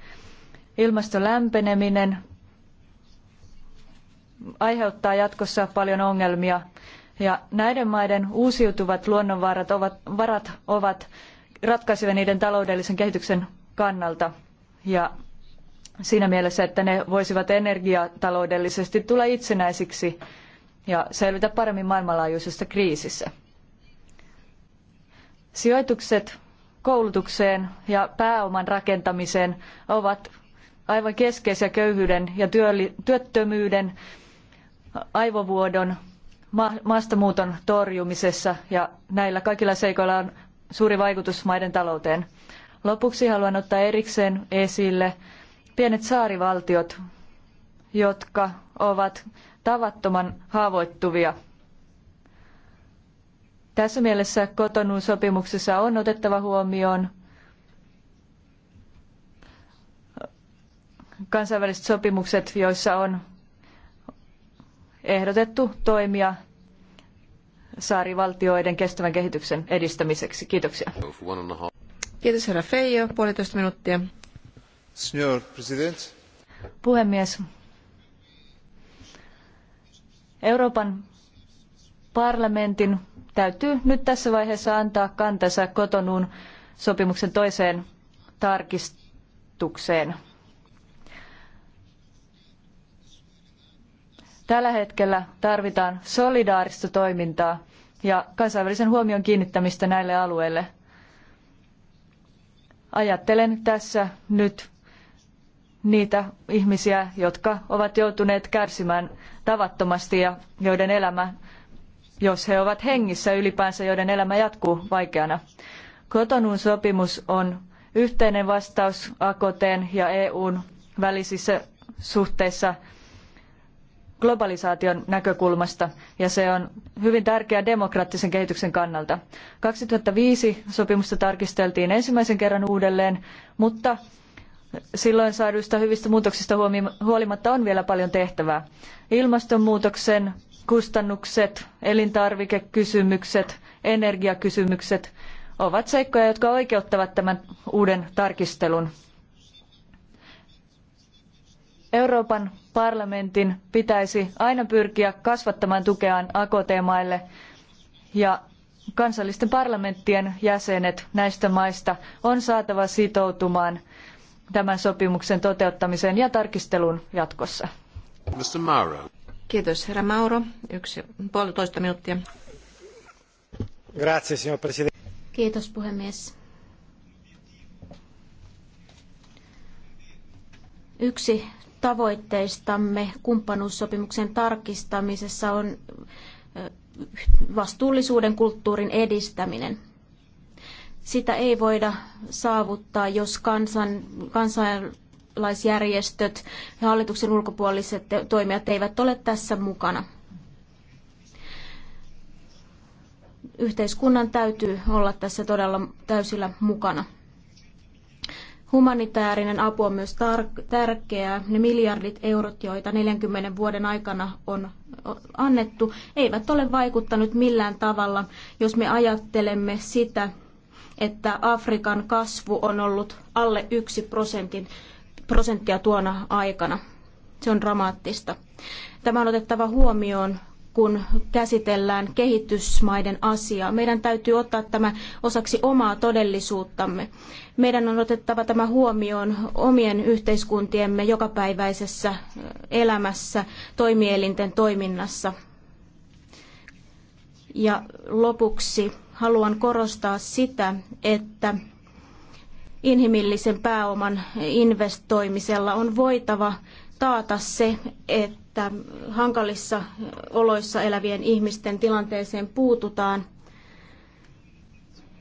Speaker 3: Ilmaston lämpeneminen aiheuttaa jatkossa paljon ongelmia ja näiden maiden uusiutuvat luonnonvarat ovat, varat ovat ratkaisevia niiden taloudellisen kehityksen kannalta ja siinä mielessä, että ne voisivat energiataloudellisesti tulla itsenäisiksi ja selvitä paremmin maailmanlaajuisesta kriisissä. Sijoitukset koulutukseen ja pääoman rakentamiseen ovat aivan keskeisiä köyhyyden ja työttömyyden, aivovuodon, maastamuuton torjumisessa ja näillä kaikilla seikoilla on suuri vaikutus maiden talouteen. Lopuksi haluan ottaa erikseen esille pienet saarivaltiot, jotka ovat tavattoman haavoittuvia. Tässä mielessä kotonuun sopimuksessa on otettava huomioon kansainväliset sopimukset, joissa on ehdotettu toimia saarivaltioiden kestävän kehityksen edistämiseksi. Kiitoksia. Kiitos herra Feijo, puolitoista minuuttia. Signor President. Puhemies. Euroopan parlamentin täytyy nyt tässä vaiheessa antaa kantansa kotonuun sopimuksen toiseen tarkistukseen. Tällä hetkellä tarvitaan solidaarista toimintaa ja kansainvälisen huomion kiinnittämistä näille alueille. Ajattelen tässä nyt niitä ihmisiä, jotka ovat joutuneet kärsimään tavattomasti ja joiden elämä, jos he ovat hengissä ylipäänsä, joiden elämä jatkuu vaikeana. Kotonun sopimus on yhteinen vastaus AKTn ja EUn välisissä suhteissa globalisaation näkökulmasta ja se on hyvin tärkeä demokraattisen kehityksen kannalta. 2005 sopimusta tarkisteltiin ensimmäisen kerran uudelleen, mutta silloin saaduista hyvistä muutoksista huolimatta on vielä paljon tehtävää. Ilmastonmuutoksen kustannukset, elintarvikekysymykset, energiakysymykset ovat seikkoja, jotka oikeuttavat tämän uuden tarkistelun. Euroopan parlamentin pitäisi aina pyrkiä kasvattamaan tukeaan AKT-maille ja kansallisten parlamenttien jäsenet näistä maista on saatava sitoutumaan tämän sopimuksen toteuttamiseen ja tarkisteluun jatkossa.
Speaker 2: Mr. Mauro.
Speaker 3: Kiitos, herra Mauro. Yksi puolitoista minuuttia. Grazie, signor Presidente.
Speaker 2: Kiitos, puhemies. Yksi tavoitteistamme kumppanuussopimuksen tarkistamisessa on vastuullisuuden kulttuurin edistäminen. Sitä ei voida saavuttaa, jos kansan, kansalaisjärjestöt ja hallituksen ulkopuoliset toimijat eivät ole tässä mukana. Yhteiskunnan täytyy olla tässä todella täysillä mukana. Humanitaarinen apu on myös tärkeää. Ne miljardit eurot, joita 40 vuoden aikana on annettu, eivät ole vaikuttanut millään tavalla, jos me ajattelemme sitä, että Afrikan kasvu on ollut alle yksi prosentin, prosenttia tuona aikana. Se on dramaattista. Tämä on otettava huomioon, kun käsitellään kehitysmaiden asiaa. Meidän täytyy ottaa tämä osaksi omaa todellisuuttamme. Meidän on otettava tämä huomioon omien yhteiskuntiemme jokapäiväisessä elämässä, toimielinten toiminnassa. Ja lopuksi haluan korostaa sitä, että inhimillisen pääoman investoimisella on voitava taata se, että että hankalissa oloissa elävien ihmisten tilanteeseen puututaan.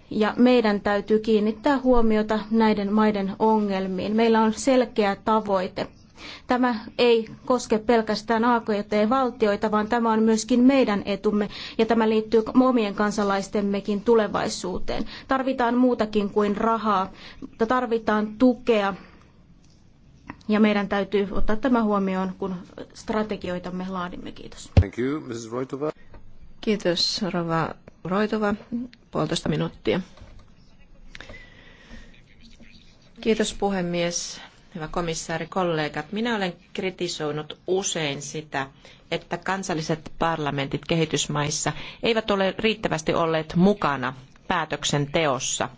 Speaker 2: Ja meidän täytyy kiinnittää huomiota näiden maiden ongelmiin. Meillä on selkeä tavoite. Tämä ei koske pelkästään AKT-valtioita, vaan tämä on myöskin meidän etumme ja tämä liittyy omien kansalaistemmekin tulevaisuuteen. Tarvitaan muutakin kuin rahaa, mutta tarvitaan tukea ja meidän täytyy ottaa tämä huomioon, kun strategioitamme laadimme. Kiitos.
Speaker 1: Thank you, Mrs. Roitova.
Speaker 2: Kiitos, Rova Roitova.
Speaker 1: Puolitoista minuuttia. Kiitos puhemies. Hyvä komissaari, kollegat. Minä olen kritisoinut usein sitä, että kansalliset parlamentit kehitysmaissa eivät ole riittävästi olleet mukana päätöksenteossa –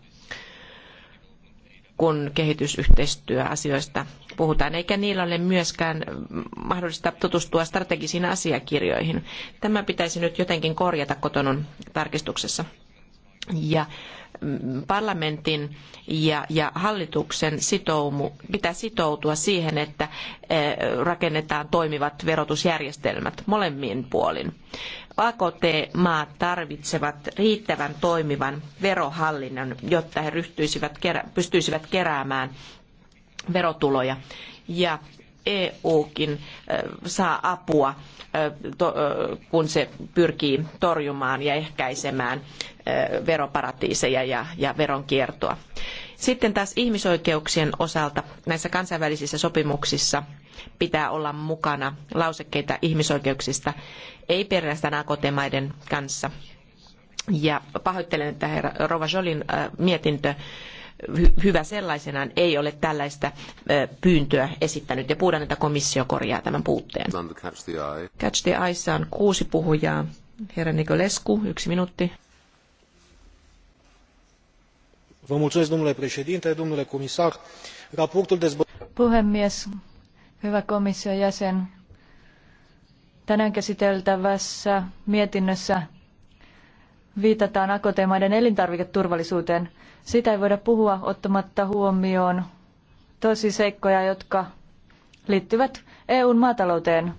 Speaker 1: kun kehitysyhteistyöasioista puhutaan, eikä niillä ole myöskään mahdollista tutustua strategisiin asiakirjoihin. Tämä pitäisi nyt jotenkin korjata kotonon tarkistuksessa. Ja mm, parlamentin ja, ja hallituksen sitoumu, pitää sitoutua siihen, että eh, rakennetaan toimivat verotusjärjestelmät molemmin puolin. AKT-maat tarvitsevat riittävän toimivan verohallinnon, jotta he ryhtyisivät, pystyisivät keräämään verotuloja. Ja EUkin saa apua, kun se pyrkii torjumaan ja ehkäisemään veroparatiiseja ja veronkiertoa. Sitten taas ihmisoikeuksien osalta näissä kansainvälisissä sopimuksissa pitää olla mukana lausekkeita ihmisoikeuksista, ei perästä AKT-maiden kanssa. Ja pahoittelen, että herra Rova Jolin äh, mietintö hyvä sellaisenaan ei ole tällaista äh, pyyntöä esittänyt ja puhutaan, että komissio korjaa tämän puutteen. Catch the Eye. Catch the on kuusi puhujaa. Herra Nikolescu, yksi minuutti
Speaker 3: puhemies hyvä komission jäsen tänään käsiteltävässä mietinnössä viitataan akt maiden elintarviketurvallisuuteen. siitä ei voida puhua ottamatta huomioon tosiseikkoja jotka liittyvät eun maatalouteen.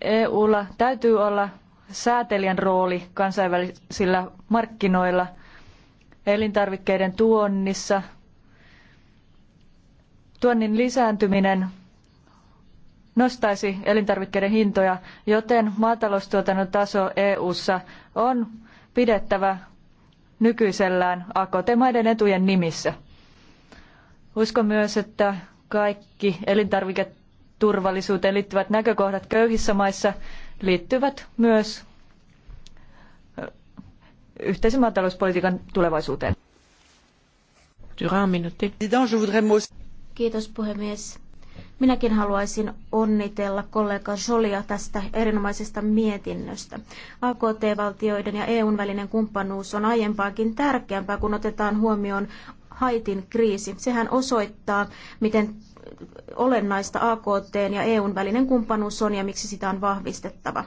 Speaker 3: eulla täytyy olla säätelijän rooli kansainvälisillä markkinoilla elintarvikkeiden tuonnissa. Tuonnin lisääntyminen nostaisi elintarvikkeiden hintoja, joten maataloustuotannon taso EU:ssa on pidettävä nykyisellään AKT-maiden etujen nimissä. Uskon myös, että kaikki elintarviketurvallisuuteen liittyvät näkökohdat köyhissä maissa liittyvät myös yhteisen maatalouspolitiikan tulevaisuuteen.
Speaker 2: Kiitos puhemies. Minäkin haluaisin onnitella kollega Jolia tästä erinomaisesta mietinnöstä. AKT-valtioiden ja EUn välinen kumppanuus on aiempaakin tärkeämpää, kun otetaan huomioon Haitin kriisi. Sehän osoittaa, miten olennaista AKT ja EUn välinen kumppanuus on ja miksi sitä on vahvistettava.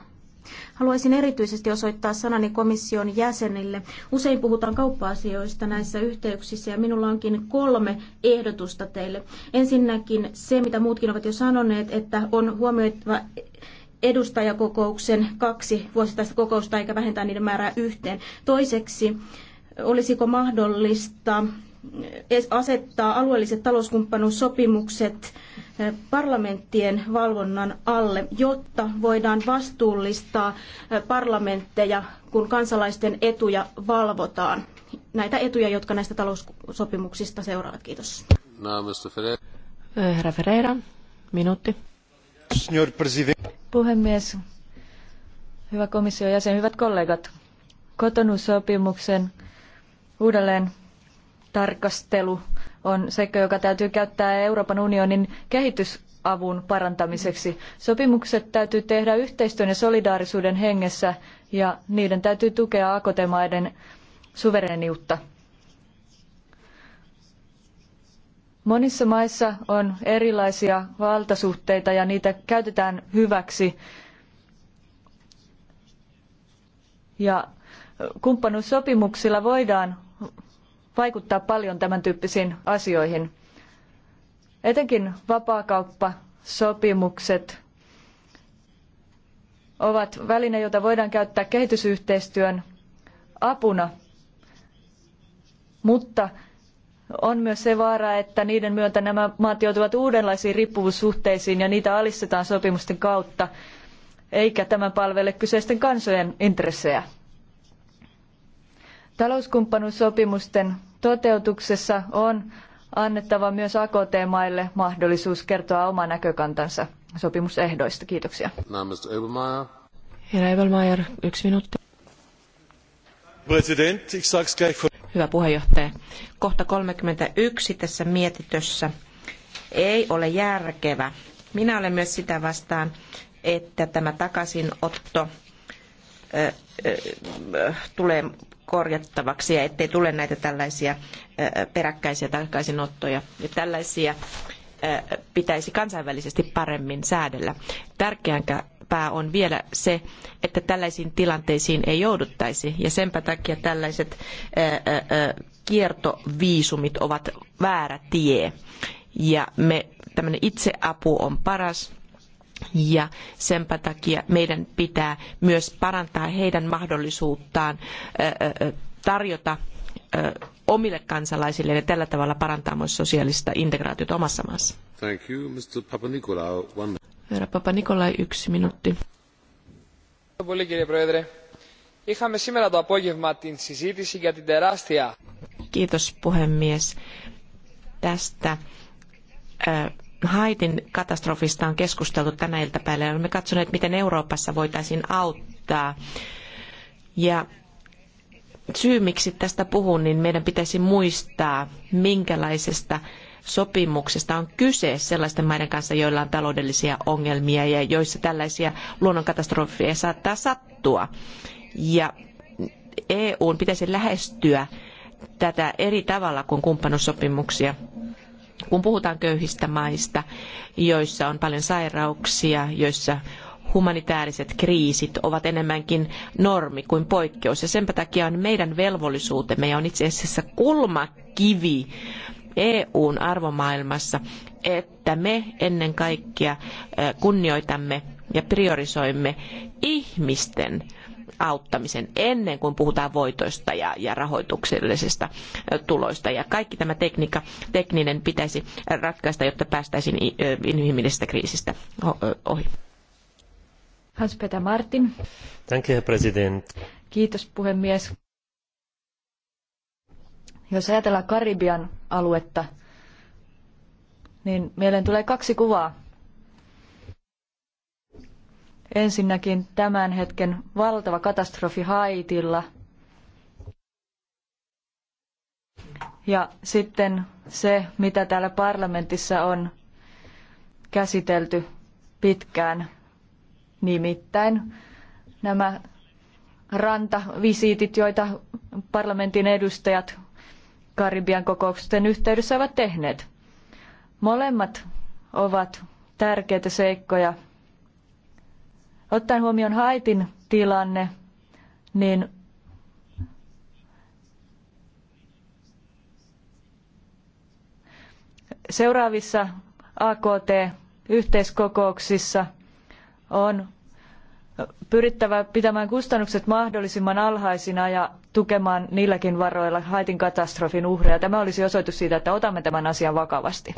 Speaker 2: Haluaisin erityisesti osoittaa sanani komission jäsenille. Usein puhutaan kauppa-asioista näissä yhteyksissä ja minulla onkin kolme ehdotusta teille. Ensinnäkin se, mitä muutkin ovat jo sanoneet, että on huomioitava edustajakokouksen kaksi vuosittaista kokousta eikä vähentää niiden määrää yhteen. Toiseksi, olisiko mahdollista asettaa alueelliset talouskumppanuussopimukset eh, parlamenttien valvonnan alle, jotta voidaan vastuullistaa eh, parlamentteja, kun kansalaisten etuja valvotaan. Näitä etuja, jotka näistä taloussopimuksista seuraavat. Kiitos.
Speaker 3: Eh, herra Ferreira, minuutti. Puhemies, hyvä komission jäsen, hyvät kollegat. Kotonusopimuksen uudelleen tarkastelu on se, joka täytyy käyttää Euroopan unionin kehitysavun parantamiseksi. Sopimukset täytyy tehdä yhteistyön ja solidaarisuuden hengessä ja niiden täytyy tukea akotemaiden suvereniutta. Monissa maissa on erilaisia valtasuhteita ja niitä käytetään hyväksi. Ja kumppanuussopimuksilla voidaan vaikuttaa paljon tämän tyyppisiin asioihin. Etenkin vapaakauppasopimukset ovat väline, jota voidaan käyttää kehitysyhteistyön apuna, mutta on myös se vaara, että niiden myötä nämä maat joutuvat uudenlaisiin riippuvuussuhteisiin ja niitä alistetaan sopimusten kautta, eikä tämä palvele kyseisten kansojen intressejä. Talouskumppanuussopimusten toteutuksessa on annettava myös AKT-maille mahdollisuus kertoa oma näkökantansa sopimusehdoista. Kiitoksia. Herra Evelmaier, yksi minuutti.
Speaker 1: Hyvä puheenjohtaja. Kohta 31 tässä mietitössä ei ole järkevä. Minä olen myös sitä vastaan, että tämä takaisinotto tulee korjattavaksi ja ettei tule näitä tällaisia peräkkäisiä takaisinottoja. Ja tällaisia pitäisi kansainvälisesti paremmin säädellä. Tärkeämpää on vielä se, että tällaisiin tilanteisiin ei jouduttaisi ja senpä takia tällaiset kiertoviisumit ovat väärä tie. Ja me, tämmöinen itseapu on paras ja senpä takia meidän pitää myös parantaa heidän mahdollisuuttaan tarjota omille kansalaisilleen ja tällä tavalla parantaa myös sosiaalista integraatiota omassa maassa.
Speaker 2: Thank you, Mr. Papa Nicolau. One...
Speaker 1: Herra Papa Nikolai, yksi minuutti. Kiitos puhemies tästä Haitin katastrofista on keskusteltu tänä iltapäivänä ja olemme katsoneet, miten Euroopassa voitaisiin auttaa. Ja syy, miksi tästä puhun, niin meidän pitäisi muistaa, minkälaisesta sopimuksesta on kyse sellaisten maiden kanssa, joilla on taloudellisia ongelmia ja joissa tällaisia luonnonkatastrofeja saattaa sattua. Ja EUn pitäisi lähestyä tätä eri tavalla kuin kumppanuussopimuksia kun puhutaan köyhistä maista, joissa on paljon sairauksia, joissa humanitaariset kriisit ovat enemmänkin normi kuin poikkeus. Ja sen takia on meidän velvollisuutemme ja on itse asiassa kulmakivi EUn arvomaailmassa, että me ennen kaikkea kunnioitamme ja priorisoimme ihmisten auttamisen ennen kuin puhutaan voitoista ja, ja rahoituksellisista tuloista. Ja kaikki tämä tekniikka, tekninen pitäisi ratkaista, jotta päästäisiin inhimillisestä kriisistä ohi.
Speaker 3: Hans-Peter Martin. Danke, Herr President. Kiitos puhemies. Jos ajatellaan Karibian aluetta, niin mieleen tulee kaksi kuvaa. Ensinnäkin tämän hetken valtava katastrofi Haitilla. Ja sitten se, mitä täällä parlamentissa on käsitelty pitkään, nimittäin nämä rantavisiitit, joita parlamentin edustajat Karibian kokousten yhteydessä ovat tehneet. Molemmat ovat tärkeitä seikkoja Ottaen huomioon Haitin tilanne, niin seuraavissa AKT-yhteiskokouksissa on pyrittävä pitämään kustannukset mahdollisimman alhaisina ja tukemaan niilläkin varoilla Haitin katastrofin uhreja. Tämä olisi osoitus siitä, että otamme tämän asian vakavasti.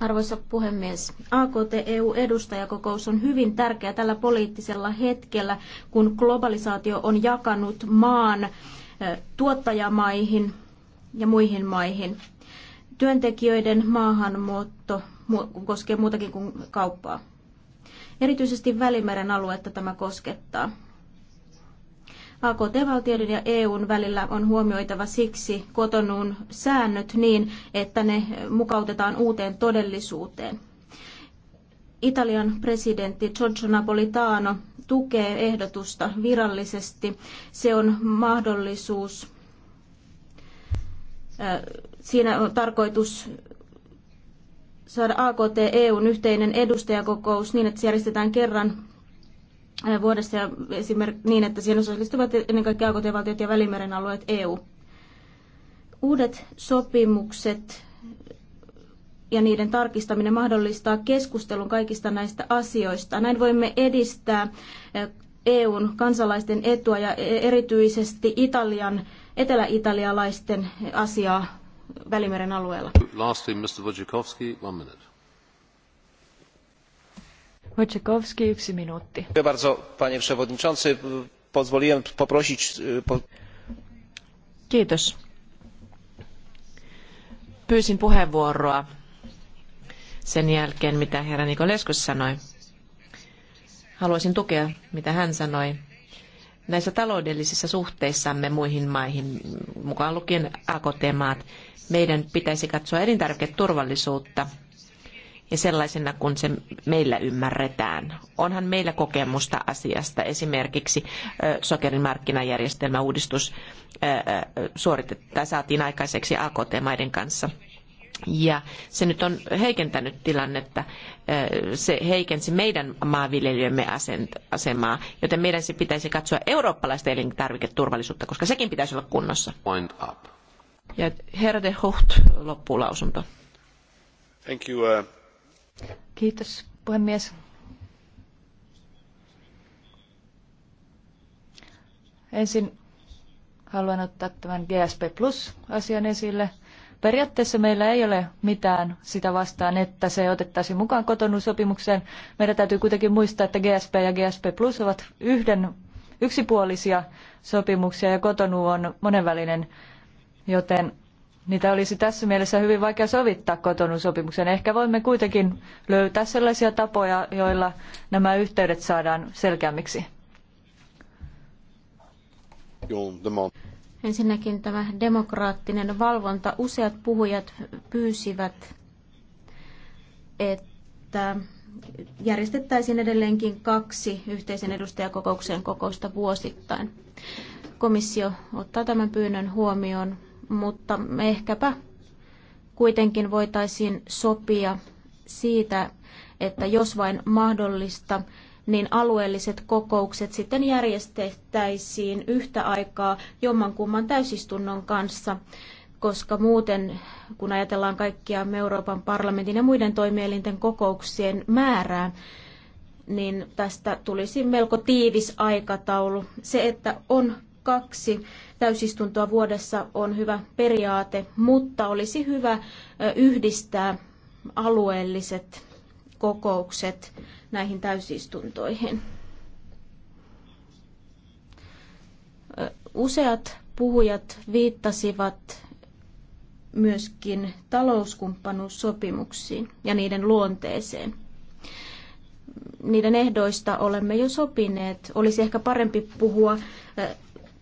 Speaker 2: Arvoisa puhemies, AKT-EU-edustajakokous on hyvin tärkeä tällä poliittisella hetkellä, kun globalisaatio on jakanut maan tuottajamaihin ja muihin maihin. Työntekijöiden maahanmuutto koskee muutakin kuin kauppaa. Erityisesti Välimeren aluetta tämä koskettaa. AKT-valtioiden ja EUn välillä on huomioitava siksi kotonuun säännöt niin, että ne mukautetaan uuteen todellisuuteen. Italian presidentti Giorgio Napolitano tukee ehdotusta virallisesti. Se on mahdollisuus. Siinä on tarkoitus saada AKT EUn yhteinen edustajakokous niin, että se järjestetään kerran vuodessa ja esimerkiksi niin, että siihen osallistuvat ennen kaikkea AKT-valtiot ja Välimeren alueet EU. Uudet sopimukset ja niiden tarkistaminen mahdollistaa keskustelun kaikista näistä asioista. Näin voimme edistää EUn kansalaisten etua ja e- erityisesti Italian, etelä-italialaisten asiaa Välimeren alueella. Lastly, Mr. one minute minuutti. panie przewodniczący. Pozwoliłem poprosić...
Speaker 1: Pyysin puheenvuoroa sen jälkeen, mitä herra Nikoleskus sanoi. Haluaisin tukea, mitä hän sanoi. Näissä taloudellisissa suhteissamme muihin maihin, mukaan lukien AKT-maat, meidän pitäisi katsoa elintarviketurvallisuutta ja sellaisena kuin se meillä ymmärretään. Onhan meillä kokemusta asiasta. Esimerkiksi sokerin markkinajärjestelmäuudistus suoritettiin, saatiin aikaiseksi AKT-maiden kanssa ja se nyt on heikentänyt tilannetta. Se heikensi meidän maanviljelijöimme asemaa, joten meidän se pitäisi katsoa eurooppalaista elintarviketurvallisuutta, koska sekin pitäisi olla kunnossa. Point up.
Speaker 3: Ja herra de Hucht, loppulausunto.
Speaker 1: Thank you, uh...
Speaker 3: Kiitos, puhemies. Ensin haluan ottaa tämän GSP Plus-asian esille. Periaatteessa meillä ei ole mitään sitä vastaan, että se otettaisiin mukaan kotonuusopimukseen. Meidän täytyy kuitenkin muistaa, että GSP ja GSP Plus ovat yhden yksipuolisia sopimuksia ja kotonu on monenvälinen, joten Niitä olisi tässä mielessä hyvin vaikea sovittaa kotonun sopimuksen. Ehkä voimme kuitenkin löytää sellaisia tapoja, joilla nämä yhteydet saadaan selkeämmiksi. Ensinnäkin
Speaker 2: tämä demokraattinen valvonta. Useat puhujat pyysivät, että järjestettäisiin edelleenkin kaksi yhteisen edustajakokouksen kokousta vuosittain. Komissio ottaa tämän pyynnön huomioon mutta ehkäpä kuitenkin voitaisiin sopia siitä, että jos vain mahdollista, niin alueelliset kokoukset sitten järjestettäisiin yhtä aikaa jommankumman täysistunnon kanssa, koska muuten, kun ajatellaan kaikkia Euroopan parlamentin ja muiden toimielinten kokouksien määrää, niin tästä tulisi melko tiivis aikataulu. Se, että on kaksi täysistuntoa vuodessa on hyvä periaate, mutta olisi hyvä yhdistää alueelliset kokoukset näihin täysistuntoihin. Useat puhujat viittasivat myöskin talouskumppanuussopimuksiin ja niiden luonteeseen. Niiden ehdoista olemme jo sopineet. Olisi ehkä parempi puhua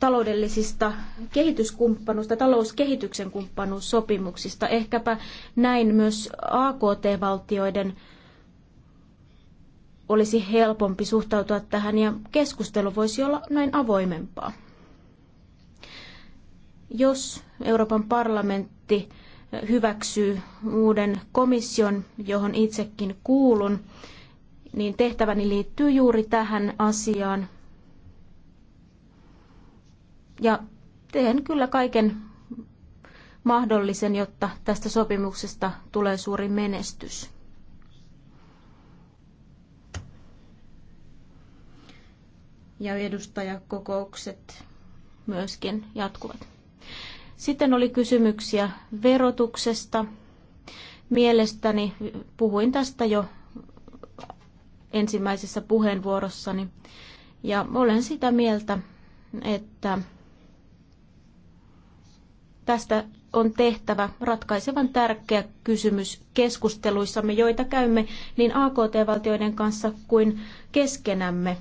Speaker 2: taloudellisista kehityskumppanuista, talouskehityksen kumppanuussopimuksista. Ehkäpä näin myös AKT-valtioiden olisi helpompi suhtautua tähän ja keskustelu voisi olla näin avoimempaa. Jos Euroopan parlamentti hyväksyy uuden komission, johon itsekin kuulun, niin tehtäväni liittyy juuri tähän asiaan ja teen kyllä kaiken mahdollisen, jotta tästä sopimuksesta tulee suuri menestys. Ja edustajakokoukset myöskin jatkuvat. Sitten oli kysymyksiä verotuksesta. Mielestäni puhuin tästä jo ensimmäisessä puheenvuorossani. Ja olen sitä mieltä, että Tästä on tehtävä ratkaisevan tärkeä kysymys keskusteluissamme, joita käymme niin AKT-valtioiden kanssa kuin keskenämme.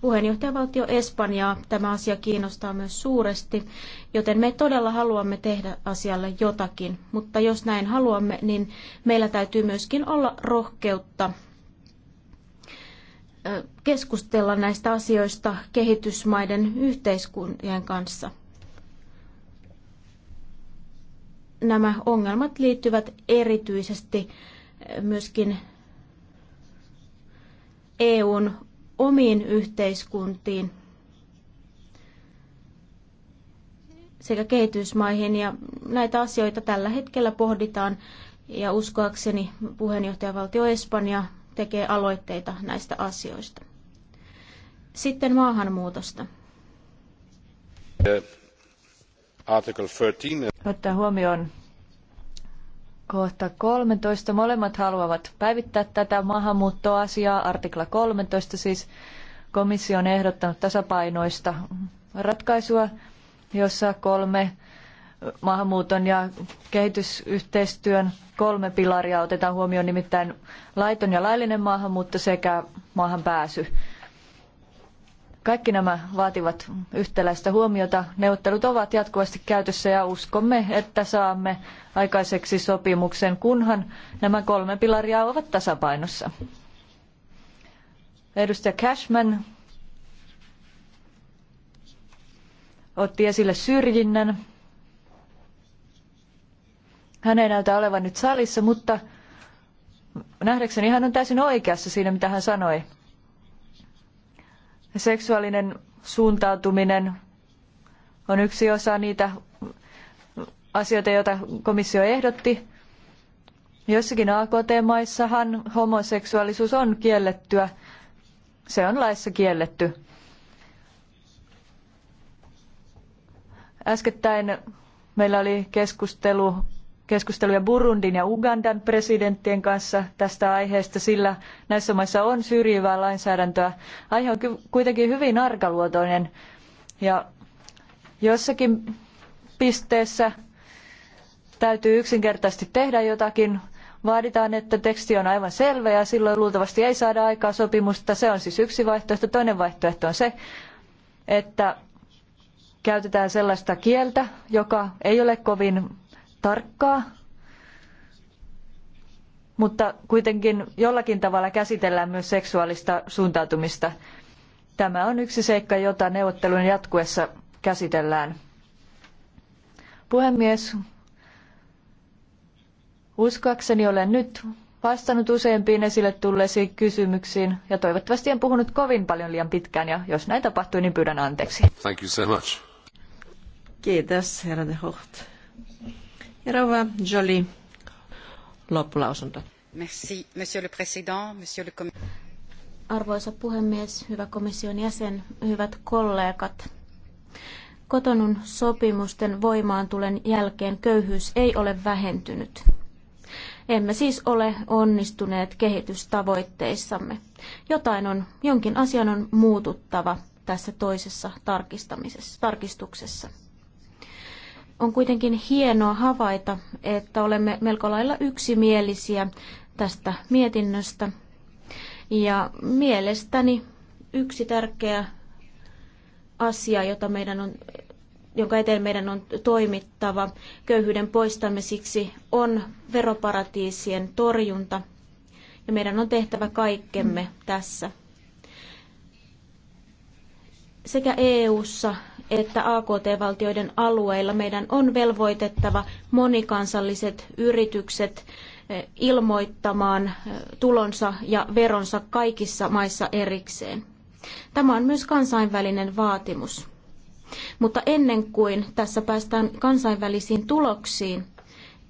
Speaker 2: Puheenjohtajavaltio Espanjaa tämä asia kiinnostaa myös suuresti, joten me todella haluamme tehdä asialle jotakin. Mutta jos näin haluamme, niin meillä täytyy myöskin olla rohkeutta keskustella näistä asioista kehitysmaiden yhteiskuntien kanssa. nämä ongelmat liittyvät erityisesti eh, myöskin EUn omiin yhteiskuntiin sekä kehitysmaihin. Ja näitä asioita tällä hetkellä pohditaan ja uskoakseni puheenjohtajavaltio Espanja tekee aloitteita näistä asioista.
Speaker 3: Sitten maahanmuutosta. Eh, Ottaa huomioon kohta 13. Molemmat haluavat päivittää tätä maahanmuuttoasiaa, artikla 13 siis. Komissio on ehdottanut tasapainoista ratkaisua, jossa kolme maahanmuuton ja kehitysyhteistyön kolme pilaria otetaan huomioon, nimittäin laiton ja laillinen maahanmuutto sekä maahanpääsy. pääsy kaikki nämä vaativat yhtäläistä huomiota. Neuvottelut ovat jatkuvasti käytössä ja uskomme, että saamme aikaiseksi sopimuksen, kunhan nämä kolme pilaria ovat tasapainossa. Edustaja Cashman otti esille syrjinnän. Hän ei näytä olevan nyt salissa, mutta nähdäkseni hän on täysin oikeassa siinä, mitä hän sanoi. Seksuaalinen suuntautuminen on yksi osa niitä asioita, joita komissio ehdotti. Jossakin AKT-maissahan homoseksuaalisuus on kiellettyä. Se on laissa kielletty. Äskettäin meillä oli keskustelu keskusteluja Burundin ja Ugandan presidenttien kanssa tästä aiheesta, sillä näissä maissa on syrjivää lainsäädäntöä. Aihe on kuitenkin hyvin arkaluotoinen ja jossakin pisteessä täytyy yksinkertaisesti tehdä jotakin. Vaaditaan, että teksti on aivan selvä ja silloin luultavasti ei saada aikaa sopimusta. Se on siis yksi vaihtoehto. Toinen vaihtoehto on se, että käytetään sellaista kieltä, joka ei ole kovin tarkkaa, mutta kuitenkin jollakin tavalla käsitellään myös seksuaalista suuntautumista. Tämä on yksi seikka, jota neuvottelun jatkuessa käsitellään. Puhemies, uskoakseni olen nyt vastannut useimpiin esille tulleisiin kysymyksiin ja toivottavasti en puhunut kovin paljon liian pitkään ja jos näin tapahtui, niin pyydän anteeksi.
Speaker 2: Thank you so much.
Speaker 3: Kiitos, herra de Hocht
Speaker 1: loppulausunto.
Speaker 2: Merci, monsieur le président, monsieur le Arvoisa puhemies, hyvä komission jäsen, hyvät kollegat. Kotonun sopimusten voimaantulen jälkeen köyhyys ei ole vähentynyt. Emme siis ole onnistuneet kehitystavoitteissamme. Jotain on, jonkin asian on muututtava tässä toisessa tarkistamisessa, tarkistuksessa. On kuitenkin hienoa havaita, että olemme melko lailla yksimielisiä tästä mietinnöstä. Ja mielestäni yksi tärkeä asia, jota meidän on, jonka eteen meidän on toimittava köyhyyden poistamiseksi, on veroparatiisien torjunta. Ja meidän on tehtävä kaikkemme tässä. Sekä EU:ssa että AKT-valtioiden alueilla meidän on velvoitettava monikansalliset yritykset eh, ilmoittamaan eh, tulonsa ja veronsa kaikissa maissa erikseen. Tämä on myös kansainvälinen vaatimus. Mutta ennen kuin tässä päästään kansainvälisiin tuloksiin,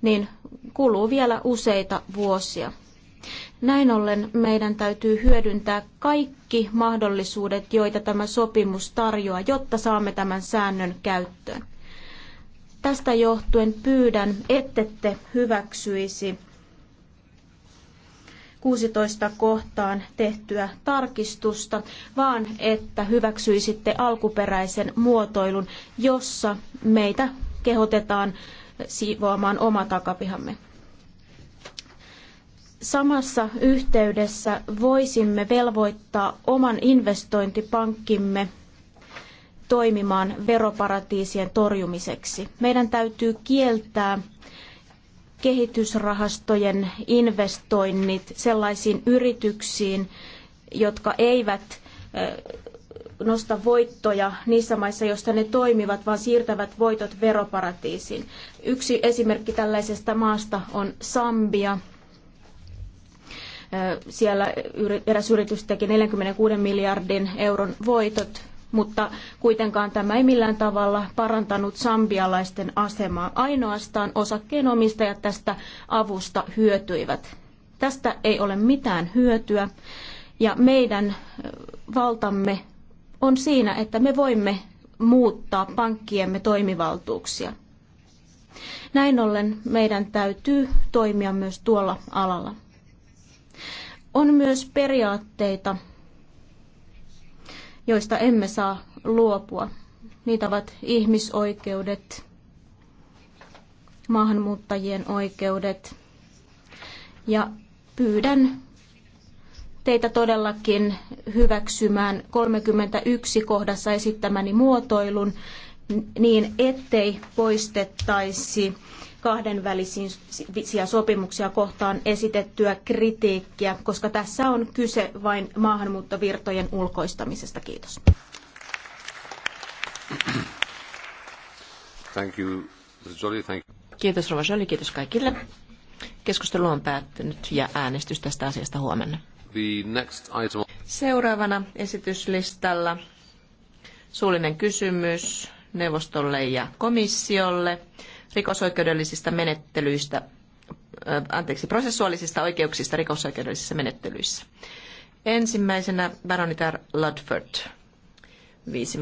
Speaker 2: niin kuluu vielä useita vuosia. Näin ollen meidän täytyy hyödyntää kaikki mahdollisuudet, joita tämä sopimus tarjoaa, jotta saamme tämän säännön käyttöön. Tästä johtuen pyydän, ettette hyväksyisi 16 kohtaan tehtyä tarkistusta, vaan että hyväksyisitte alkuperäisen muotoilun, jossa meitä kehotetaan siivoamaan oma takapihamme samassa yhteydessä voisimme velvoittaa oman investointipankkimme toimimaan veroparatiisien torjumiseksi. Meidän täytyy kieltää kehitysrahastojen investoinnit sellaisiin yrityksiin, jotka eivät nosta voittoja niissä maissa, joissa ne toimivat, vaan siirtävät voitot veroparatiisiin. Yksi esimerkki tällaisesta maasta on Sambia, siellä eräs yritys teki 46 miljardin euron voitot, mutta kuitenkaan tämä ei millään tavalla parantanut sambialaisten asemaa. Ainoastaan osakkeenomistajat tästä avusta hyötyivät. Tästä ei ole mitään hyötyä ja meidän valtamme on siinä, että me voimme muuttaa pankkiemme toimivaltuuksia. Näin ollen meidän täytyy toimia myös tuolla alalla. On myös periaatteita, joista emme saa luopua. Niitä ovat ihmisoikeudet, maahanmuuttajien oikeudet. Ja pyydän teitä todellakin hyväksymään 31 kohdassa esittämäni muotoilun niin, ettei poistettaisi Kahden kahdenvälisiä sopimuksia kohtaan esitettyä kritiikkiä, koska tässä on kyse vain maahanmuuttovirtojen ulkoistamisesta. Kiitos.
Speaker 1: Thank you. Jolly, thank you. Kiitos Rova Jolly, kiitos kaikille. Keskustelu on päättynyt ja äänestys tästä asiasta huomenna. Seuraavana esityslistalla suullinen kysymys neuvostolle ja komissiolle rikosoikeudellisista menettelyistä, anteeksi, prosessuaalisista oikeuksista rikosoikeudellisissa menettelyissä. Ensimmäisenä baronitar Ludford. Viisi